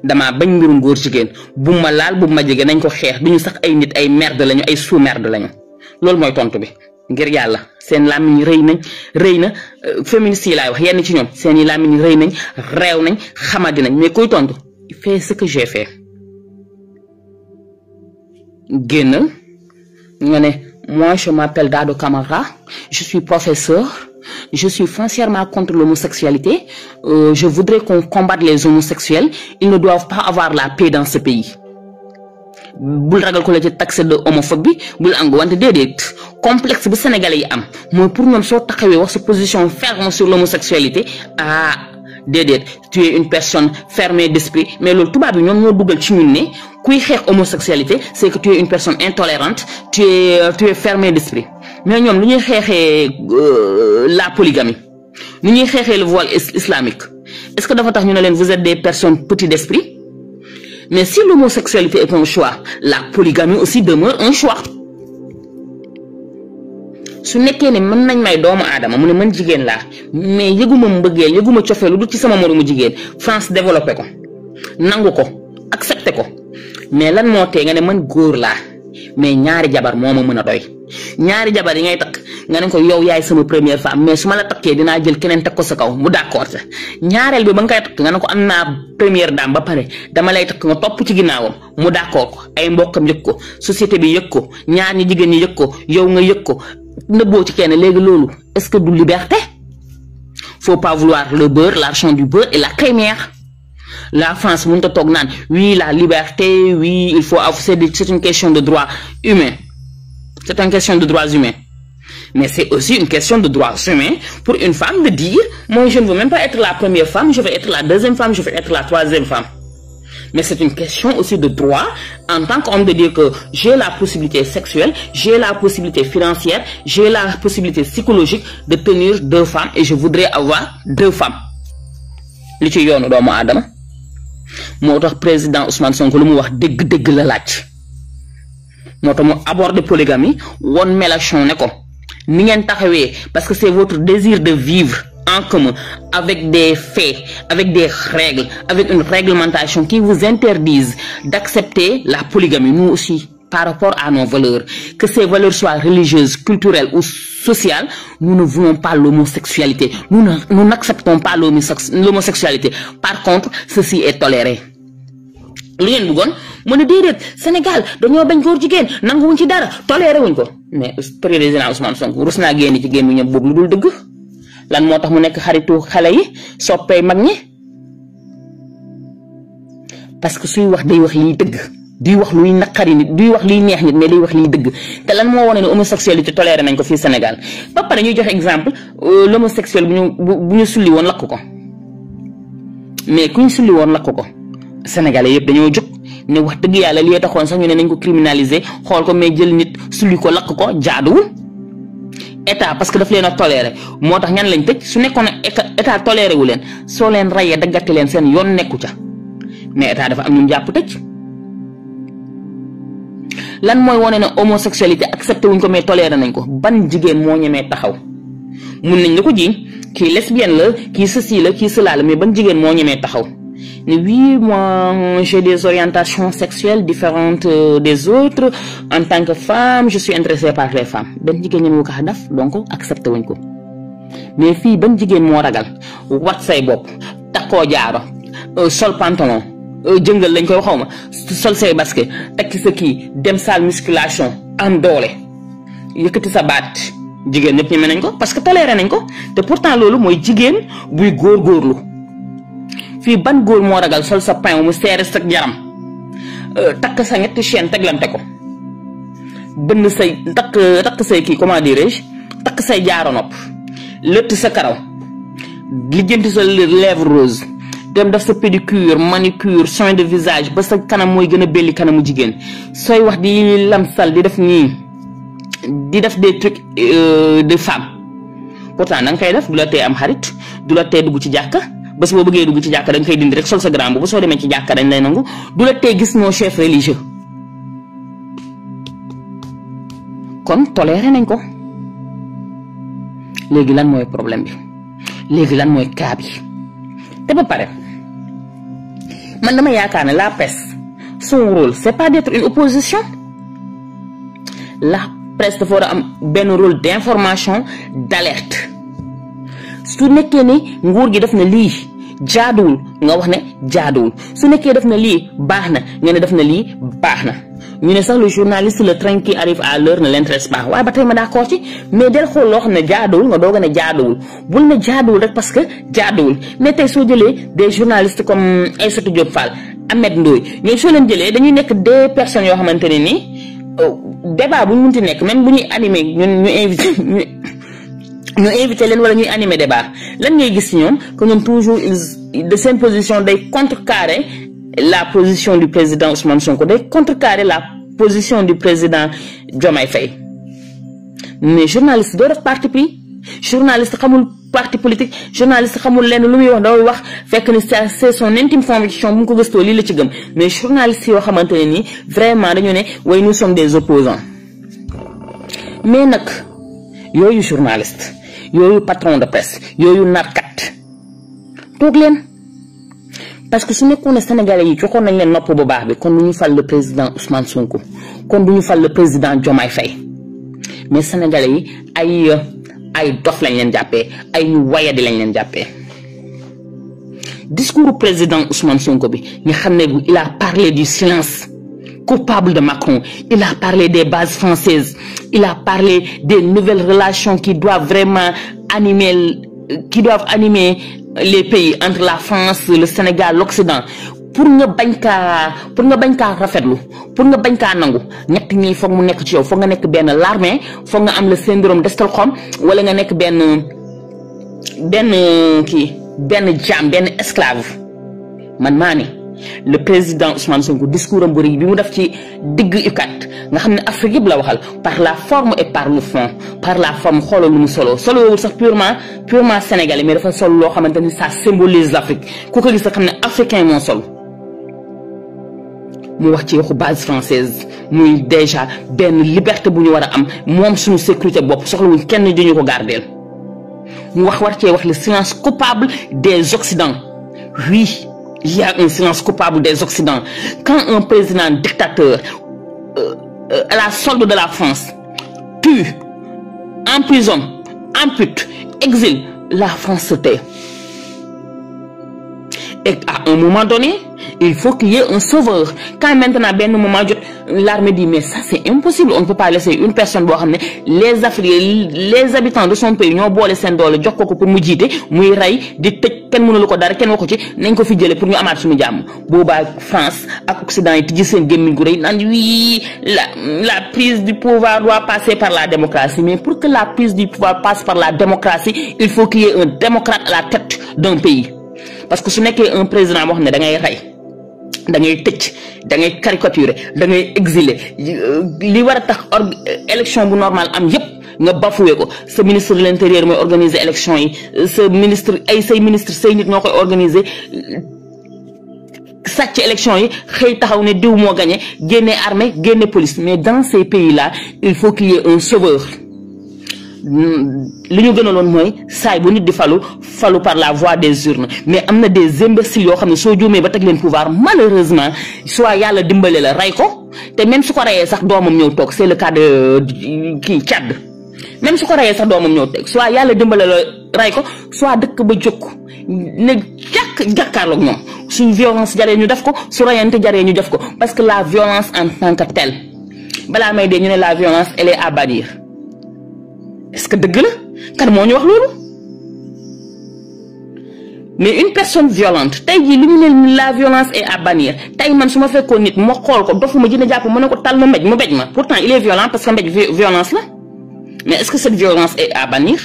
Speaker 1: dama bañ mbirum góor jigéen bu ma laal bu ma jege nañ ko xeex duñu sax ay nit ay merde lañu ay sous merde lañu loolu mooy tontu bi ngir yàlla seen làmmiñ rëy nañ rëy na euh, féministes yi ci ñoom seen i làmmiñ rëy nañ réew nañ xamadi nañ mais kuy tontu fais ce que j'ai fait génn nga ne moi je m'appelle Dado Camara je suis professeur je suis foncièrement contre l'homosexualité euh, je voudrais qu'on combatte les homosexuels ils ne doivent pas avoir la paix dans ce pays bul ragal ko la ci taxé de homophobe bi bul angu wante déedéet complexe bu sénégalais yi am mooy pour ñoom soo taxawee wax sa position ferme sur l'homosexualité ah déedéet tu es une personne fermée d'esprit mais loolu tubaab bi ñoom ñoo dugal ci ñun ne kuy xeex homosexualité c'est que tu es une personne intolérante tu es tu es fermé d'esprit mais ñoom lu ñuy xeexee euh, la polygamie ni ñuy xeexee le voile islamique est que dafa tax ñu ne leen vous êtes des personnes petites d'esprit mais si l'homosexualité est un choix la polygamie aussi demeure un choix su nekkee ne man nañ may doomu aadama mu ne man jigéen laa mais yëguma mbëggeel yëguma cofee lu dul ci sama moromu jigéen France développé ko nangu ko accepté ko mais lan moo tee nga ne man góor laa mais ñaari jabar moo ma mën a doy ñaari jabar yi ngay takk nga ne ko yow yaay sama première femme mais su ma la takkee dinaa jël keneen teg ko sa kaw mu d'accord sa ñaareel bi ba nga koy takk nga ne ko am naa première dame ba pare dama lay takk nga topp ci ginnaawam mu d'accord ko ay mbokkam yëg ko société bi yëg ko ñaar ñi jigéen ñi yëg ko yow nga yëg ko nëbboo ci kenn léegi loolu est-ce que du liberté faut pas vouloir le la crémière la France mënut a toog naan oui la liberté oui il faut c'est c'est une question de droit humain c'est une question de droits humains mais c'est aussi une question de droits humains pour une femme de dire moi je ne veux même pas être la première femme je veux être la deuxième femme je veux être la troisième femme mais c'est une question aussi de droit en tant qu'homme de dire que j'ai la possibilité sexuelle j'ai la possibilité financière j'ai la possibilité psychologique de tenir deux femmes et je voudrais avoir deux femmes li ci yoonu doomu aadama moo tax président Ousmane Sonko lu mu wax dégg dégg la laaj moo tax mu aborder polygamie won Mélenchon ne ko ni ngeen taxawee parce que c'est votre désir de vivre en commun avec des faits avec des règles avec une réglementation qui vous interdise d'accepter la polygamie nous aussi par rapport à nos valeurs. Que ces valeurs soient religieuses, culturelles ou sociales, nous ne voulons pas l'homosexualité. Nous n'acceptons pas l'homosexualité. Par contre, ceci est toléré. lu ngeen bëggoon mu ne déedéet Sénégal dañoo bañ góor jigéen nanguwuñ ci dara toléré wuñ ko mais président Ousmane Sonko rus naa génn ci gémmi ñoom boobu lu dul dëgg lan moo tax mu nekk xaritu xale yi soppee mag ñi parce que suy wax day wax yi dëgg di wax luy naqari nit di wax liy neex nit mais di wax liy dëgg te lan moo wane ne homosexualité toléré nañ ko fii Sénégal ba pare ñuy joxe exemple euh, l'homosexuel bu ñu bu ñu sulli woon lakk ko mais ku ñu woon lakk ko Sénégalais yëpp dañoo jóg ne wax dëgg yàlla li taxoon sax ñu ne nañ ko criminaliser xool ko mais jël nit sulli ko lakk ko jaaduwul état parce que daf leen a toléré moo tax ñan lañ tëj su nekkoon état toléré wu leen soo leen rayee daggati leen seen yoon nekku ca mais état dafa am ñu jàpp tëj. lan mooy wane ne homosexualité accepté wuñ ko mais toléré nañ ko ban jigéen moo ñemee taxaw mun nañ la ko jiiñ kii lesbienne la kii ceci la kii cela la mais ban jigéen moo ñemee taxaw ne oui moi j'ai des orientations sexuelles différentes euh, des autres en tant que femme je suis intéressée par les femmes ban jigéen ñemewu ko def donc accepté wuñ ko mais fii ban jigéen moo ragal wat say bopp takkoo jaaro euh, sol pantalon Euh, jëngal lañ koy xaw ma sol say basket takki sa kii dem salle musculation am doole yëkkati sa baat jigéen ñëpp ñeme nañ ko parce que toléré nañ ko te pourtant loolu mooy jigéen buy góor góorlu fii ban góor moo ragal sol sa pain mu seere sa yaram euh, takk sa ñetti chaîne teglante ko bënn say takk takk say kii comment dirais-je takk say jaaro nopp lëtt sa karaw lijjanti sa lèvre rose dem def sa pédicure manicure soin de visage ba sa kanam mooy gën a belli kanamu jigéen sooy wax di lamsal di def nii di def des trucs euh, de femme pourtant da nga koy def du la tee am xarit du la tee dugg ci jàkka bés boo bëggee dugg ci jàkk da nga dindi rek sol sa grand bu soo demee ci jàkka dañ lay nangu du la tee gis nos chefs religieux kon toléré nañ ko léegi lan mooy problème bi léegi lan mooy cas te ba pare man dama yaakaar ne la pes soo rôle c'est pas d'être une opposition la presse dafa war a am benn rôle d'information d'alerte su nekkee ni nguur gi def na lii jaaduwul nga wax ne jaaduwul su nekkee def na lii baax na nga ne def na lii baax na ñu ne sax le journaliste le train qui arrive à l'heure ne l'intéresse pas waaye ba tey ma d'accord ci mais del xool loo xam ne jaaduwul nga doog a ne jaaduwul la ne jaaduwul rek parce que jaaduwul mais tey soo jëlee des journalistes comme ay Aïssatou Diop Fall Ahmed Ndoye ñooñu soo leen jëlee dañuy nekk des personne yoo xamante ne nii euh, débat bu ñu munti nekk même bu ñuy animé ñu invité ñu invité leen wala ñuy animé baax lan ngay gis ci ñoom que ñoom toujours de seen position day contrecarrer la position du président Ousmane Sonko day contrecarrer la position du président Diomaye Faye mais journaliste doo def parti pris journaliste xamul parti politique journaliste xamul lenn lu muy wax dooy wax fekk ni c'est son intime conviction bu mu ko gëstoo lii la ci gëm mais journaliste yoo xamante ne nii vraiment dañu ne way nous sommes des opposants mais nag yooyu journaliste yooyu patron de presse yooyu narkat toog leen parce que su nekkoon ne Sénégalais yi joxoon nañ leen nopp bu baax bi kon du ñu fal le président Ousmane Sonko kon du ñu fal le président Diomaye Faye mais Sénégalais yi ay ay dof lañ leen jàppee ay ñu wayadi lañ leen jàppee. discours président Ousmane Sonko bi ñu xam ne il a parlé du silence coupable de Macron il a parlé des bases françaises il a parlé des nouvelles relations qui doivent vraiment animer euh, animer. les pays entre la France le Sénégal l'Occident pour nga bañ kaa pour nga bañ kaa rafetlu pour nga bañ kaa nangu ñett ñi foog mu nekk ci yow foog nga nekk benn larme foog nga am le syndrome de Stockholm wala nga nekk benn benn kii benn jaam benn esclave man maa ne le président Ousmane Sonko discours am bu rëy bi mu def ci digg UCAD nga xam ne Afrique yëpp la waxal par la forme et par le fond par la forme xoolal lu mu solo solowul sax purement purement sénégalais mais dafa sol loo xamante ni ça symbolise l'Afrique ku ko gis nga xam ne africain moo sol mu wax ci waxu base française muy déjà benn liberté bu ñu war a am moom suñu sécurité bopp soxlawuñ kenn duñu ko gardeel mu wax war cee wax le silence coupable des Occidents oui il y a un silence coupable des Occidents. Quand un président dictateur euh, euh, à la solde de la France tue, emprisonne, ampute, exile, la France se tait. Et à un moment donné, il faut qu'il y un sauveur quand maintenant benn moment jot l'armée dit mais ça c'est impossible on ne peut pas laisser une personne boo xam ne les Africains les habitants de son pays ñoo boole seen doole jox ko ko pour mu jiite muy rey di tëj kenn mënalu ko dara kenn waxu ci nañ ko fi jële pour ñu amaat suñu jàmm boobaa France ak Occident yi tijji seen gémmiñ gu rëy naan wii la la prise du pouvoir doit passer par la démocratie mais pour que la prise du pouvoir passe par la démocratie il faut qu'il y ait un démocrate que su nekkee un président boo xam ne da ngay rey da ngay tëcc da ngay caricaturer da ngay exiler li war a tax or élection bu normal am yépp nga bafoué ko sa ministre de l'intérieur mooy organiser élection yi sa ministre ay say ministre say nit ñoo koy organiser sàcc élection yi xëy taxaw ne diw moo gagné génne armée génne police mais dans ces pays là il faut qu'il y un sauveur li ñu gënaloon mooy saay bu nit di falu falu par la voie des urnes mais am na des imbéciles yoo xam ne soo jumee ba teg leen pouvoir malheureusement soit yàlla dimbale la rey ko te même su ko sax doomam ñëw toog c'est le cas kii Tchad même su ko reyee sax doomam ñëw toog soit yàlla dimbale la rey ko soit dëkk ba jóg ne jàkk jàkkaarloog ñoom su violence jaree ñu def ko su reyante jaree ñu def ko parce que la violence en tant que balaa may dee ñu ne la violence elle à bannir est-ce que dëgg la kan moo ñu wax loolu mais une personne violente tey jii li ñu ne la violence est à bannir tey man su ma fekkoon nit ma xool ko dofuma jënd jàpp ma ne ko tal ma mbéj mu mbéj ma pourtant il est violent parce que mbéj violence la mais est-ce que cette violence est à bannir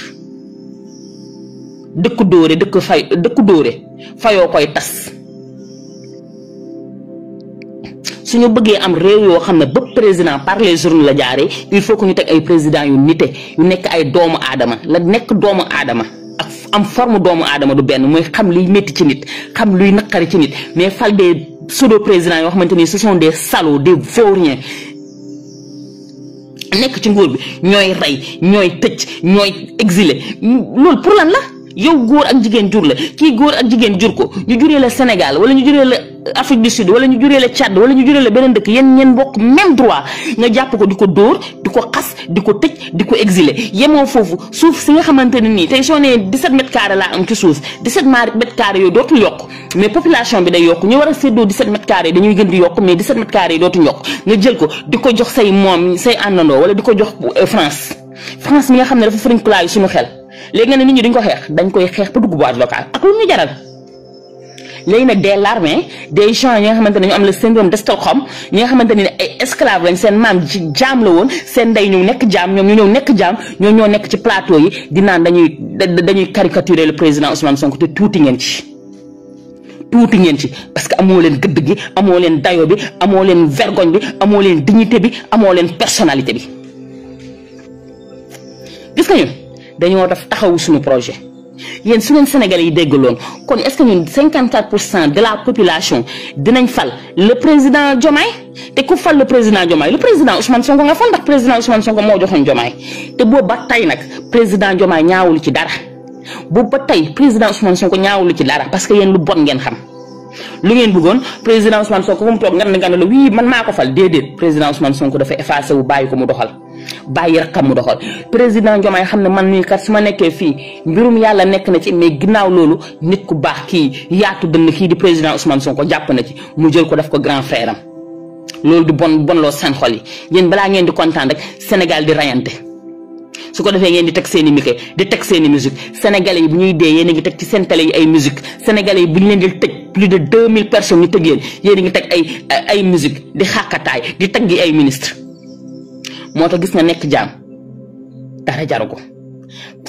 Speaker 1: dëkku dóore dëkk fay dëkku dóore fayoo koy tas. suñu bëggee am réew yoo xam ne bépp président par les urnes la jaaree il faut que ñu teg ay président yu nite yu nekk ay doomu aadama la nekk doomu aadama ak am forme doomu aadama du benn mooy xam luy métti ci nit xam luy naqari ci nit mais fal des pseudo présidents yoo xamante ni ce sont des salauds des vauriens nekk ci nguur bi ñooy rey ñooy tëj ñooy exilé loolu pour lan la yow góor ak jigéen jur la kii góor ak jigéen jur ko ñu juree la Sénégal wala ñu juree Afrique du Sud wala ñu juree la Tchad wala ñu juree la beneen dëkk yéen ñeen bokk même droit nga jàpp ko di ko dóor di ko xas di ko tëj di ko exiler yemoo foofu suuf si nga xamante ne nii tey soo nee 17 mètres carrés laa am ci yooyu dootul yokk mais population bi day yokk ñu war a séddoo 17 mètres carrés dañuy gën di yokk mais 17 mètres carrés yi dootu yokk nga jël ko di ko jox say moom say àndandoo wala di ko jox euh, France France mi nga xam ne dafa fëriñ kulaayu suñu xel léegi nga ne nit ñi duñ ko xeex dañ koy xeex ba dugg boîte locale ak lu ñu jaral léegi nag des larmes des gens yi nga xamante ne ñu am le syndrome des Stockholm ñi nga xamante ne ay esclave lañ seen maam ci jaam la woon seen ndey ñu nekk jaam ñoom ñu ñoo nekk jaam ñoo ñoo nekk ci plateau yi di naan dañuy dañuy caricaturer le président Ousmane Sonko te tuuti ngeen ci. tuuti ngeen ci parce que amoo leen gëdd gi amoo leen dayo bi amoo leen vergogne bi amoo leen dignité bi amoo leen personnalité bi gis nga dañoo def taxawu suñu projet. yéen su leen Sénégalais yi loon kon est-ce que ñun cent de la population dinañ fal le président Diomaye te ku fal le président Diomaye le président Ousmane Sonko nga fal ndax président Ousmane Sonko moo joxoon Diomaye te boobu ba tey nag président Diomaye ñaawul ci dara boobu ba tey président Ousmane Sonko ñaawul ci dara parce que yéen lu bon ngeen xam. lu ngeen buggoon président Ousmane Sonko fu mu toog nga ne nga ne la wii man maa ko fal déedéet président Ousmane Sonko dafa effacé wu bàyyi ko mu doxal. bàyyi rakkam mu doxal président Diomaye xam ne man mii kat su ma nekkee fii mbirum yàlla nekk na ci mais ginnaaw loolu nit ku baax kii yaatu dënn kii di président Ousmane ko jàpp na ci mu jël ko def ko grand frère am loolu du bon bon loo seen xol yi yéen balaa ngeen di kontaan rek Sénégal di rayante su ko defee ngeen di teg seen i di teg seen i musique sénégalais yi bu ñuy dee yéen a ngi teg ci seen télé yi ay musique sénégalais yi bu ñu leen di tëj plus yéen a ngi teg ay ay musique di xàkkataay di teg gi ay ministre moo tax gis nga nekk jaam dara jaru ko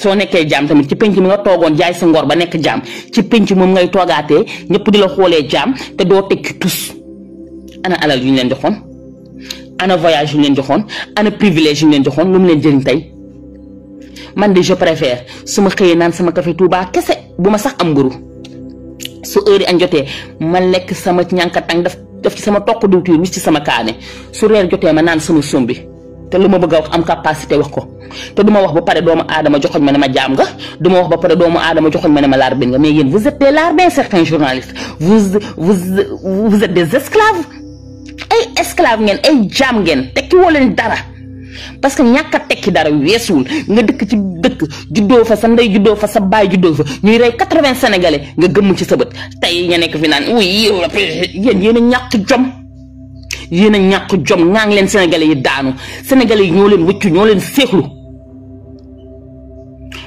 Speaker 1: soo nekkee jaam tamit ci penc mi nga toogoon jaay sa ngor ba nekk jaam ci penc moom ngay toogaatee ñëpp di la xoolee jaam te doo tekki tus ana alal yu ñu leen joxoon ana voyage yu ñu leen joxoon ana privilège yu ñu leen joxoon lu mu leen jëriñ tey man di je préfère su ma xëyee naan sama café Touba kese bu ma sax am nguru su heure yi añ jotee ma lekk sama ñànkatang def daf ci sama toq diwtiir wis ci sama kaane su reer jotee ma naan sama sombi te lu ma bëgg a wax am capacité wax ko te du ma wax ba pare doomu aadama joxoñ ma ne ma jaam nga du wax ba pare doomu aadama joxoñ ma ne ma larbin nga mais yéen vous êtes des larbins certains journalistes vous vous vous êtes des esclaves ay esclaves ngeen ay jaam ngeen tekki woo leen dara parce que ñàkk a tekki dara weesuwul nga dëkk ci dëkk juddoo fa sa ndey juddoo fa sa baay juddoo fa ñuy rey quatre-vingts sénégalais nga gëmm ci sa bët tey nga nekk fi naan oui yéen yéen a ñàkk jom. yéen a ñàkk jom ñaa ngi leen sénégalais yi daanu sénégalais yi ñoo leen wëccu ñoo leen féexlu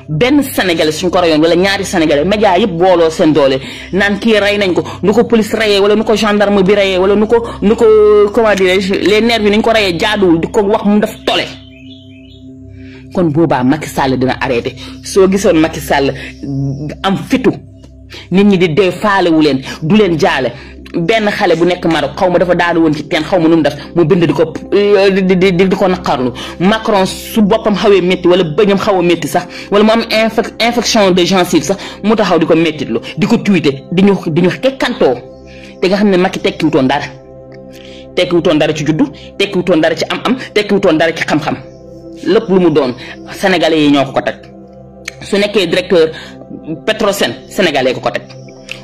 Speaker 1: benn sénégalais suñ ko rayoon wala ñaari senegal média yëpp booloo seen doole naan kii rey nañ ko nu ko police rayee wala nu ko gendarme bi rayee wala nu ko nu ko comment dirais-je les nervis bi ñu ko rayee jaaduwul di ko wax mu def tole kon boobaa Macky Sall dina arrêté soo gisoon Macky Sall am fitu nit ñi di dee faalewu leen du leen jaale benn xale bu nekk Maroc xaw ma dafa daanu woon ci teen xaw ma nu mu def mu bind di ko euh, di di di ko naqarlu Macron su boppam xawee métti wala bëñam xaw a métti sax wala mu am infection de gencive sax mu taxaw di ko méttitlu di ko tuité di ñu di ñu kekkantoo te nga xam ne Macky tekkiwutoon dara tekkiwutoon dara ci juddu tekkiwutoon dara ci am-am tekkiwutoon dara ci xam-xam lépp lu mu doon sénégalais yi ñoo ko ko teg su nekkee directeur Petrosen sénégalais ko ko teg.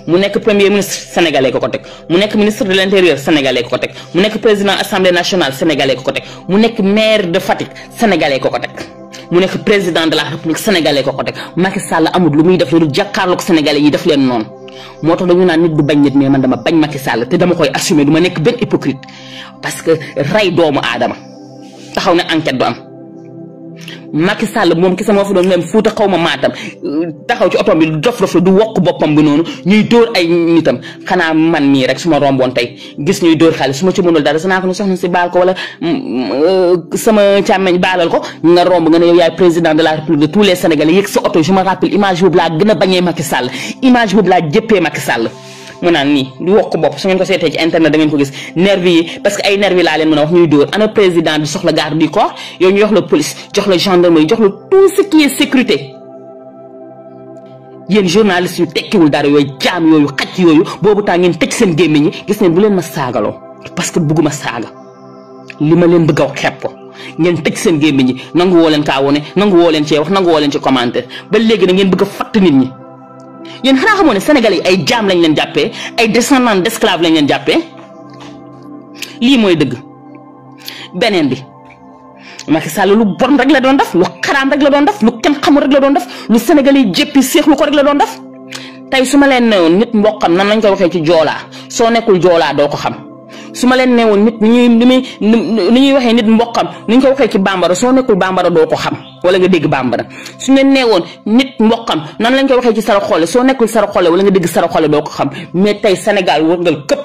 Speaker 1: mu nekk premier ministre sénégalais ko ko teg mu nekk ministre de l' intérieur sénégalais ko ko teg mu nekk président assemblée nationale sénégalais ko ko teg mu nekk maire de Fatick mu nekk président la république sénégalais ko ko teg Macky Sall amul lu muy def lu jàkkaarloog sénégalais yi def leen noon moo tax dañu naan nit du bañ nit mais man dama bañ Macky Sall te dama koy assumer du nekk benn hypocrite parce que rey doomu aadama taxaw ne enquête du am. Macky Sall moom kese moo fa doon même ta xaw ma maatam taxaw ci otom bi dof-dof la du wokk boppam bi noonu ñuy dóor ay nitam xanaa man mii rek su ma romboon tey gis ñuy dóor xaalis su ma ci mënul dara sanaa ko ne soxna si baal ko wala mm, mm, euh, sama càmmeñ baalal ko nga romb nga ne yow yaay président de la république de tous les sénégalais yëg sa oto je me rappelle image boobu laa gën a bañee Macky Sall image boobu la jëppee Macky Sall mu naan nii du wax ko bopp su ngeen ko seetee ci internet da ngeen ko gis nervi yi parce que ay nervi laa leen mën a wax ñuy dóor ana président bi soxla garde du corps ñu jox la police jox la gendarmerie jox la tout ce qui est sécurité yéen journalistes yu tekkiwul dara boobu temps ngeen tëj seen gémmiñ yi gis ngeen bu leen ma saagaloo parce que bëgguma saaga li ma leen bëgg a wax xeeb ko ngeen tëj seen gémmiñ yi nangu woo leen kaa wone nangu woo leen cee wax nangu woo leen ci commentaire ba léegi na ngeen bëgg a fatt nit ñi yéen xanaa xamoo ne sénégalais yi ay jaam lañ leen jàppee ay descendant d'esclave lañ leen jàppee lii mooy dëgg beneen bi Macky Sall lu bon rek la doon def lu xaraam rek la doon def lu kenn xamul rek la doon def lu sénégalais yi jéppi séexlu ko rek la doon def tey su ma leen newoon nit mboqam nan lañ koy waxee ci joolaa soo nekkul joolaa doo ko xam su ma leen neewoon nit ni ñuy ni muy ñuy waxee nit mboqam ni ñu ko waxee ci bambara soo nekkul bambara doo ko xam wala nga dégg bambara su leen neewoon nit mboqam nan lañ koy waxee ci sara xoole soo nekkul sara xoole wala nga dégg sara xoole ko xam mais tey Sénégal wërngal këpp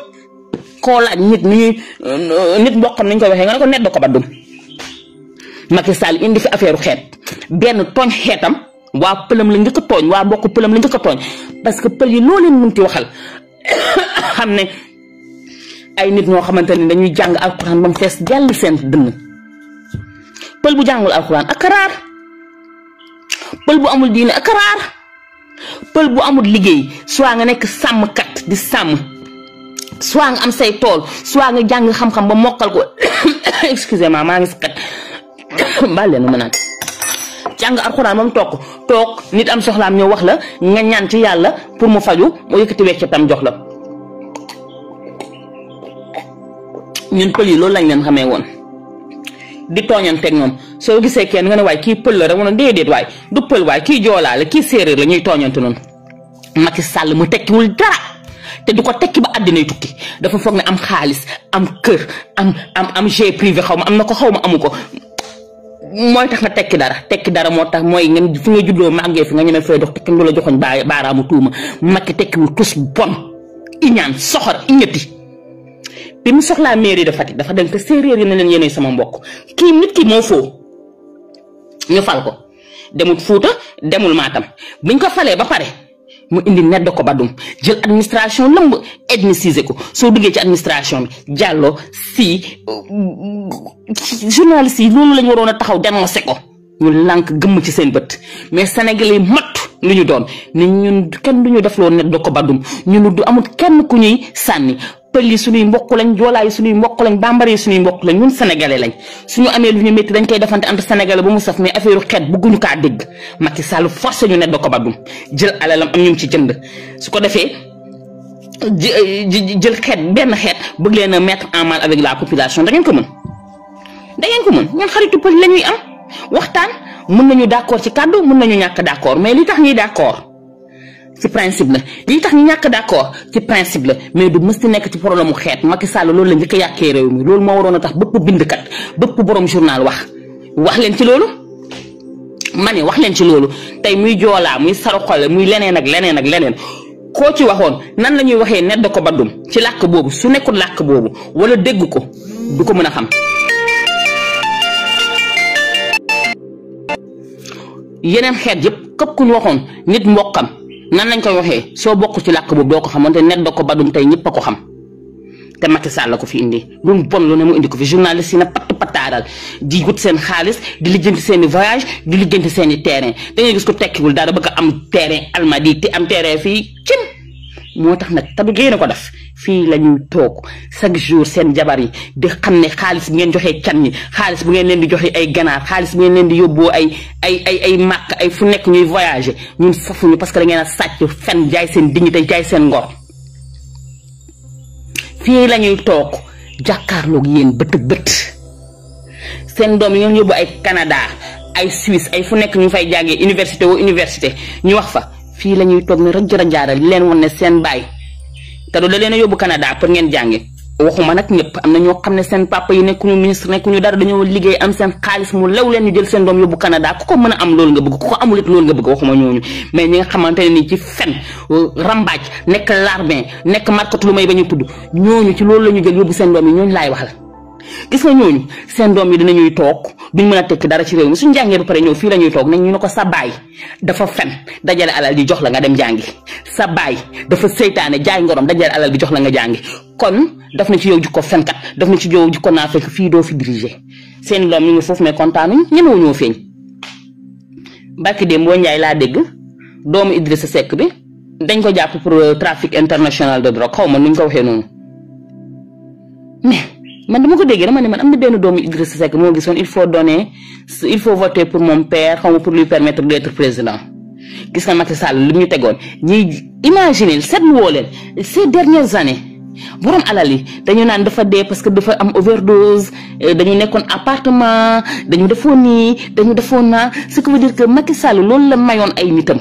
Speaker 1: koo laaj nit ni ñuy euh, nit mboqam nañ koy waxee nga ne ko nedd ko ba dum Macky Sall indi fi affaire xeet benn tooñ xeetam waa pëlam la njëkk a tooñ waa mbokk pëlam la njëkk a tooñ que pël yi loo leen munti waxal xam ne ay nit ñoo xamante ni dañuy jàng alxuraan ba mu fees jàll seen dënn pël bu jàngul alxuraan ak raar pël bu amul diine ak raar pël bu amut liggéey soit nga nekk sàmmkat di sàmm soit nga am say tool soit nga jàng xam-xam ba mokkal ko excusez maa ngi sakkat baal leen ma naan jàng alxuraan ba mu toog toog nit am soxlaam ñoo wax la nga ñaan ci yàlla pour mu faju mu yëkkati weccatam jox la ñun pël yi loolu lañ leen xamee woon di tooñanteeg ñoom soo gisee kenn nga ne waaye kii pël la rek mu ne déedéet waaye du pël waaye kii joolaa la kii séeréer la ñuy tooñante noonu ki sàll mu tekkiwul dara te du ko tekki ba àddinay tukki dafa foog ne am xaalis am kër am am am jet privé xaw ma am na ko xaw ma amu ko mooy tax nga tekki dara tekki dara moo tax mooy ngeen fi nga juddoo màggee fi nga ñemee fay dox te kenn du la joxoñ baaraamu tuuma Macky tekkiwul tus bon iñaan soxor iñati bi mu soxlaa mairie de fati dafa dem te séeréer yi ne leen yéenay sama mbokk kii nit ki moo foo ñu fal ko demul Fuuta demul Matam biñ ko falee ba pare mu indi nedd ko ba dum jël administration lëmb ethniciser ko soo duggee ci administration bi jàlloo si journaliste yi loolu la ñu waroon a taxaw dénoncé ko ñu lànk gëmm ci seen bët mais sénégalais mat lu ñu doon ni ñun kenn du ñu def loo nedd ko ba dum ñun du amul kenn ku ñuy sànni pël yi suñuy mbokk lañ joolaa yi suñuy mbokk lañ bambara yi suñuy mbokk lañ mun sénégalais lañ suñu amee lu ñu métti dañ koy defante entre sénégalais ba mu saf mais affaire xeet bëgguñu kaa dégg Macky Sall forcé ñu ne da ko badum jël alalam am ñu ci jënd su ko defee jël xeet benn xeet bëgg leen a en mal avec la population da ngeen ko mën da ko mën ñun xaritu pël la ñuy am waxtaan mun nañu d'accord ci kàddu mun nañu ñàkk d'accord mais li tax ñuy d'accord ci principe la lii tax ñu ñàkk d'accord ci principe la mais du mës di nekk ci problème mu xeet Macky Sall loolu la njëkk a yàqee réew mi loolu moo waroon a tax bëpp bindkat bëpp borom journal wax wax leen ci loolu. ma ne wax leen ci loolu tey muy joolaa muy saruxole muy leneen ak leneen ak leneen koo ci waxoon nan la ñuy waxee nedd ko baddum ci làkk boobu su nekkul làkk boobu wala dégg ko du ko mën a xam. yeneen xeet yëpp këpp ku ñu waxoon nit mbokkam. nan lañ koy waxee soo bokk ci làkk boobu doo ko xamante net da ko badum tey ñëpp a ko xam te Macky Sall la ko fi indi lu mu bon lu ne mu indi ko fi journaliste yi na patt pattaaral di wut seen xaalis di lijjanti seen i voyage di lijjanti seen i terrain da ngay gis ko tekkiwul dara bëgg am terrain Almadies te am terrain fii cin moo tax nag tabi géen a ko def fii la ñuy toog chaque jour seen jabar yi di xam ne xaalis bu ngeen joxee can ñi xaalis bu ngeen leen di joxee ay ganaar xaalis bu ngeen leen di yóbboo ay ay ay ay màkk ay fu nekk ñuy voyager ñun safuñu parce que da ngeen a sàcc fen jaay seen dignité jaay seen ngor fii la ñuy toog jàkkaarloog yéen bët seen doom yi ngeen ay Canada ay Suisse ay nekk ñu fay jàngee université woo université ñu wax fa fii la ñuy toog ne rek jërë li leen woon ne seen baay te du da leen a yóbbu Canada pour ngeen jàngi waxuma nag ñëpp am na ñoo xam ne seen papa yi nekkuñu ministre nekkuñu dara dañoo liggéey am seen xaalis mu lew leen ñu jël seen doom yóbbu Canada ku ko mën a am loolu nga bëgg ku ko amul it loolu nga bëgg waxuma ñooñu mais ñi nga xamante ne nii ci fen rambaaj nekk larbin nekk markatu lu may ñu ci loolu la ñu jël yóbbu seen doom yi ñooñu laay waxal gis nga ñooñu seen doom yi dinañuy toog duñ mën a tekki dara ci réew mi suñ jàngee ba pare ñëw fii la ñuy toog nañ ñu ne ko sa baay dafa fen dajale alal di jox la nga dem jàngi sa baay dafa seytaane jaay ngorom dajale alal di jox la nga jàngi kon def na ci yow jikko fenkat def na ci yow jikko naa fekk fii doo fi diriger seen doom ñu ngi foofu mais kontaanuñ ñemewu ñoo feeñ barki démb boo laa dégg doomu Idrissa sekk bi dañ ko jàpp pour euh, trafic international de drogue xaw ma nuñ ko waxee noonu man dama ko déggee dama ne man am na benn doomu Idrissa Seck moo gisoon il faut donner il faut voter pour mon père xaw ma pour lui permettre d' être président gis nga Macky lu ñu tegoon ñiy imaginer seetlu woo leen ces dernières années alal yi naan dafa dee parce que dafa am overdose euh, dañu nekkoon appartement dañu defoon nii dañu defoon naa ce qui veut dire que Macky Sall loolu la mayoon ay nitam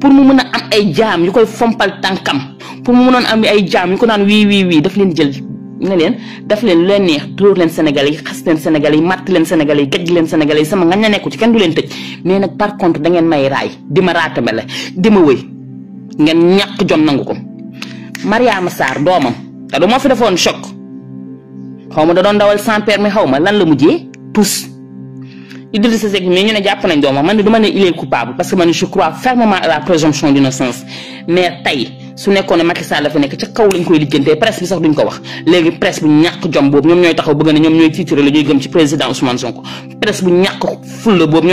Speaker 1: pour mu mën a am ay jaam yu koy fompal tànkam pour mu munoon am ay jaam yu ko naan wii wii wii daf leen jël. ne leen daf leen lu leen neex dóor leen Sénégal yi xas leen Sénégal yi matt leen Sénégal yi gajj leen Sénégal yi sama nga ña nekku ci kenn du leen tëj mais nag par contre da ma raatame la di ma wëy ngeen ñàkk jom nangu ko Mariama Sarr doomam te du fi defoon choc xaw ma da doon dawal sans permis xaw lan la mujjee tous Idrissa Seck mii ñu ne jàpp nañ doomam man ne du ma ne il coupable parce que man je crois fermement à la présomption d'innocence mais tey su nekkoon ne Macky Sall dafa nekk ca kaw lañ koy liggéeyantee presse bi sax duñ ko wax léegi presse bu ñàkk jom boobu ñoom ñooy taxaw bëgg ne ñoom ñooy titre la ñuy gëm ci président Ousmane Sonko presse bu ñàkk fulla boobu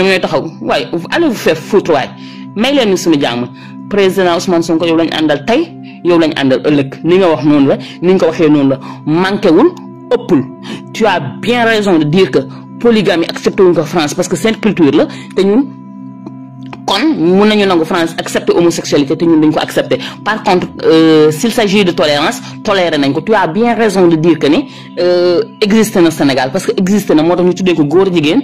Speaker 1: àndal tey yow lañ àndal ëllëg li nga wax noonu la ni nga ko waxee noonu la manqué ëppul tu as bien raison de dire que polygamie accepté wuñ ko France parce que seen culture la te ñun kon mun nañu nangu France accepter homosexualité te ñun dañ ko accepter par contre euh, s'il s'agit de tolérance toléré nañ ko tu as bien raison de dire que ni euh, existe na Sénégal parce que existe na moo tax ñu tuddee ko góor jigéen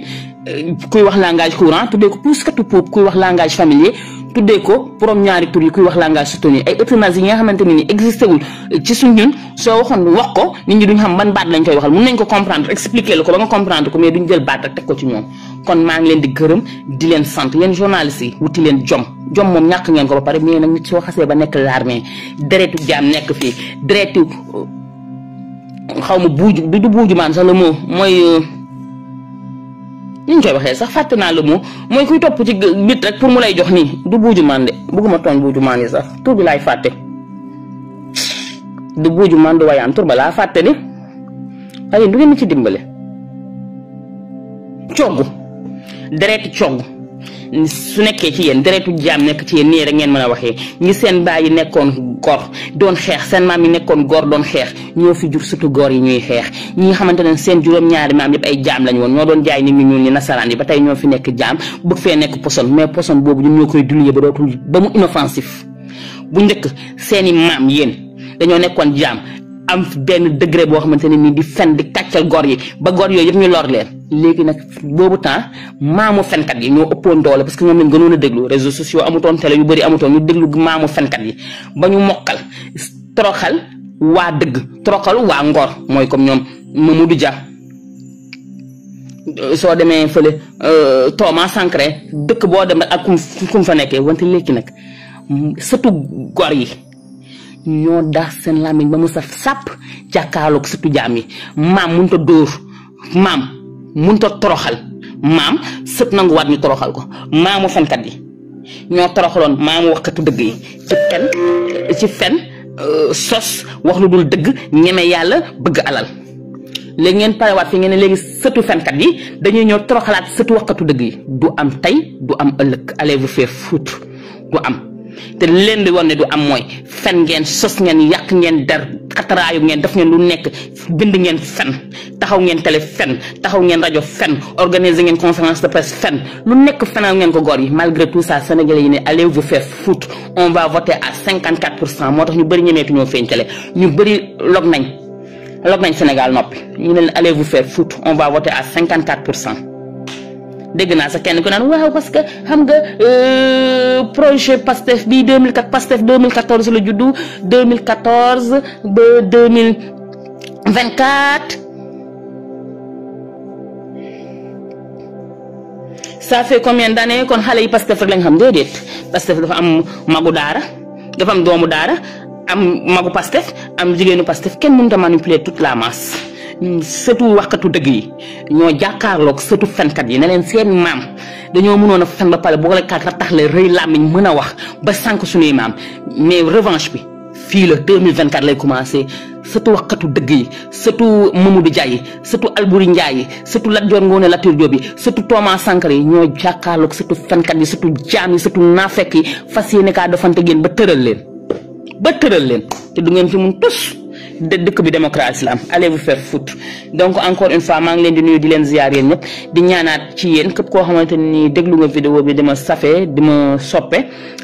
Speaker 1: euh, kuy wax langage courant tuddee ko puuskatu pop kuy wax langage familier tuddee ko borom ñaari tur yi kuy wax langage soutenu ay euthanasie yi nga xamante ne ni existé wul euh, ci suñ ñun soo waxoon wax ko nit ñi duñ xam ban baat lañ koy waxal mun nañ ko comprendre expliquer la ko ba nga comprendre ko mais duñ jël baat rek teg ko ci ñoom kon maa ngi leen di gërëm di leen sant yéen journalistes yi wuti leen jom jom moom ñàkk ngeen ko ba pare mais nag nit soo xasee ba nekk l'armée deretu jaam nekk fii deretu euh, xaw ma buuju du buuju maan sax la ni ñu koy waxee sax fàtte naa la mu mooy kuy topp ci bit rek pour mu lay jox nii du buuju mande bugguma tooñ buuju mande sax tur bi laay fàtte du buuju mande wayaam tur ba laa fàtte de waaye du ngeen ci dimbale cogg dereeti cogg su nekkee ci yéen deretu jaam nekk ci yéen nii rek ngeen mën a waxee ñi seen baay yi nekkoon góor doon xeex seen maam yi nekkoon góor doon xeex ñoo fi jur surtout góor yi ñuy xeex ñi nga xamante ne seen juróom-ñaari maam yëpp ay jaam lañ woon ñoo doon jaay nit ñu ñuul ñi nasaraan yi ba tey ñoo fi nekk jaam bëgg fee nekk poson mais poson boobu ñun ñoo koy duliyee ba dootul ba mu inoffensif bu njëkk seeni maam yéen dañoo nekkoon jaam am benn degré boo xamante ne nii di fen di kàccal gor yi ba gor yooyu yëpp ñu lor leen léegi nag boobu temps maamu fenkat yi ñoo ëppoon doole parce que ñoom lañ gënoon a déglu réseaux sociaux amutoon télé yu bëri amutoon ñu déglu maamu fenkat yi ba ñu mokkal toroxal waa dëgg toroxal waa ngor mooy comme ñoom Mamadou Dia soo demee fële euh, Thomas Sankara dëkk boo dem rek ak kum kum fa nekkee wante léegi nag sëtu gor yi ñoo daax seen làmmiñ ba mu saf sàpp jàkkaarloog sëtu jaam yi maam mënut a dóor maam mënut a toroxal maam sët nanguwaat ñu toroxal ko maamu fenkat yi ñoo toroxaloon maamu waxkatu dëgg yi ci fen ci fen euh, sos wax lu dul dëgg ñeme yàlla bëgg alal léegi ngeen parewaat fi ngeen ne léegi sëtu fenkat yi dañuy ñëw toroxalaat sëtu waxkatu dëgg yi du am tey du am ëllëg allez vous faire foutre du am te leen di war ne du am mooy fen ngeen sos ngeen yàq ngeen der xataraayu ngeen def ngeen lu nekk bind ngeen fen taxaw ngeen télé fen taxaw ngeen rajo fen organiser ngeen conférence de presse fen lu nekk fenal ngeen ko góor yi malgré tout ça sénégalais yi ne allez vous faire foutre on va voter à cinquante quatre pour cent moo tax ñu bëri ñemeetu ñoo feeñ télé ñu bëri log nañ log nañ Sénégal noppi ñu ne leen allez vous faire foutre on va voter a cinquante pour cent dégg naa sa kenn ku naan waaw parce que xam nga euh, projet PASTEF bi 2004 PASTEF 2014 la juddu 2014 ba 2024. ça fait combien daane kon xale yi PASTEF rek lañ xam déedéet PASTEF dafa am magu daara dafa am doomu daara am magu PASTEF am jigéenu PASTEF kenn mun a manipuler toute la masse. sëtu waxkatu dëgg yi ñoo jàkkaarloog sëtu fenkat yi ne leen seen maam dañoo mënoon a fen ba pare boole kaak rattaxle rëy làmmiñ mën a wax ba sànq suñuy maam mais revanche bi fii la 2024 lay commencé sëtu waxkatu dëgg yi sëtu Mamadou Dia yi sëtu Alburi Njaay yi sëtu Lat Joor Ngoone Latiir Joob yi sëtu Thomas Sankara yi ñoo jàkkaarloog sëtu fenkat yi sëtu jaam yi sëtu naafekk yi fas yéene kaa dofante génn ba tëral leen ba tëral leen te du ngeen mun tus dëkk bi démocratie la am allez vous faire foutre donc encore une fois maa ngi leen di nuyu di leen ziar yéen ñëpp di ñaanaat ci yéen képp koo xamante ni déglu nga vidéo bi dama safe dama soppe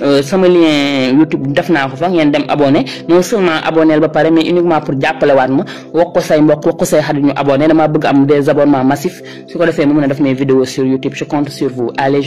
Speaker 1: euh, sama lien YouTube def naa ko fa ngeen dem abonné non seulement abonné ba pare mais uniquement pour jàppale waat ma wax ko say mbokk wax ko say xarit ñu abonné damaa bëgg am des abonnements massifs su ko defee mu mën a def mes vidéos sur YouTube je compte sur vous allez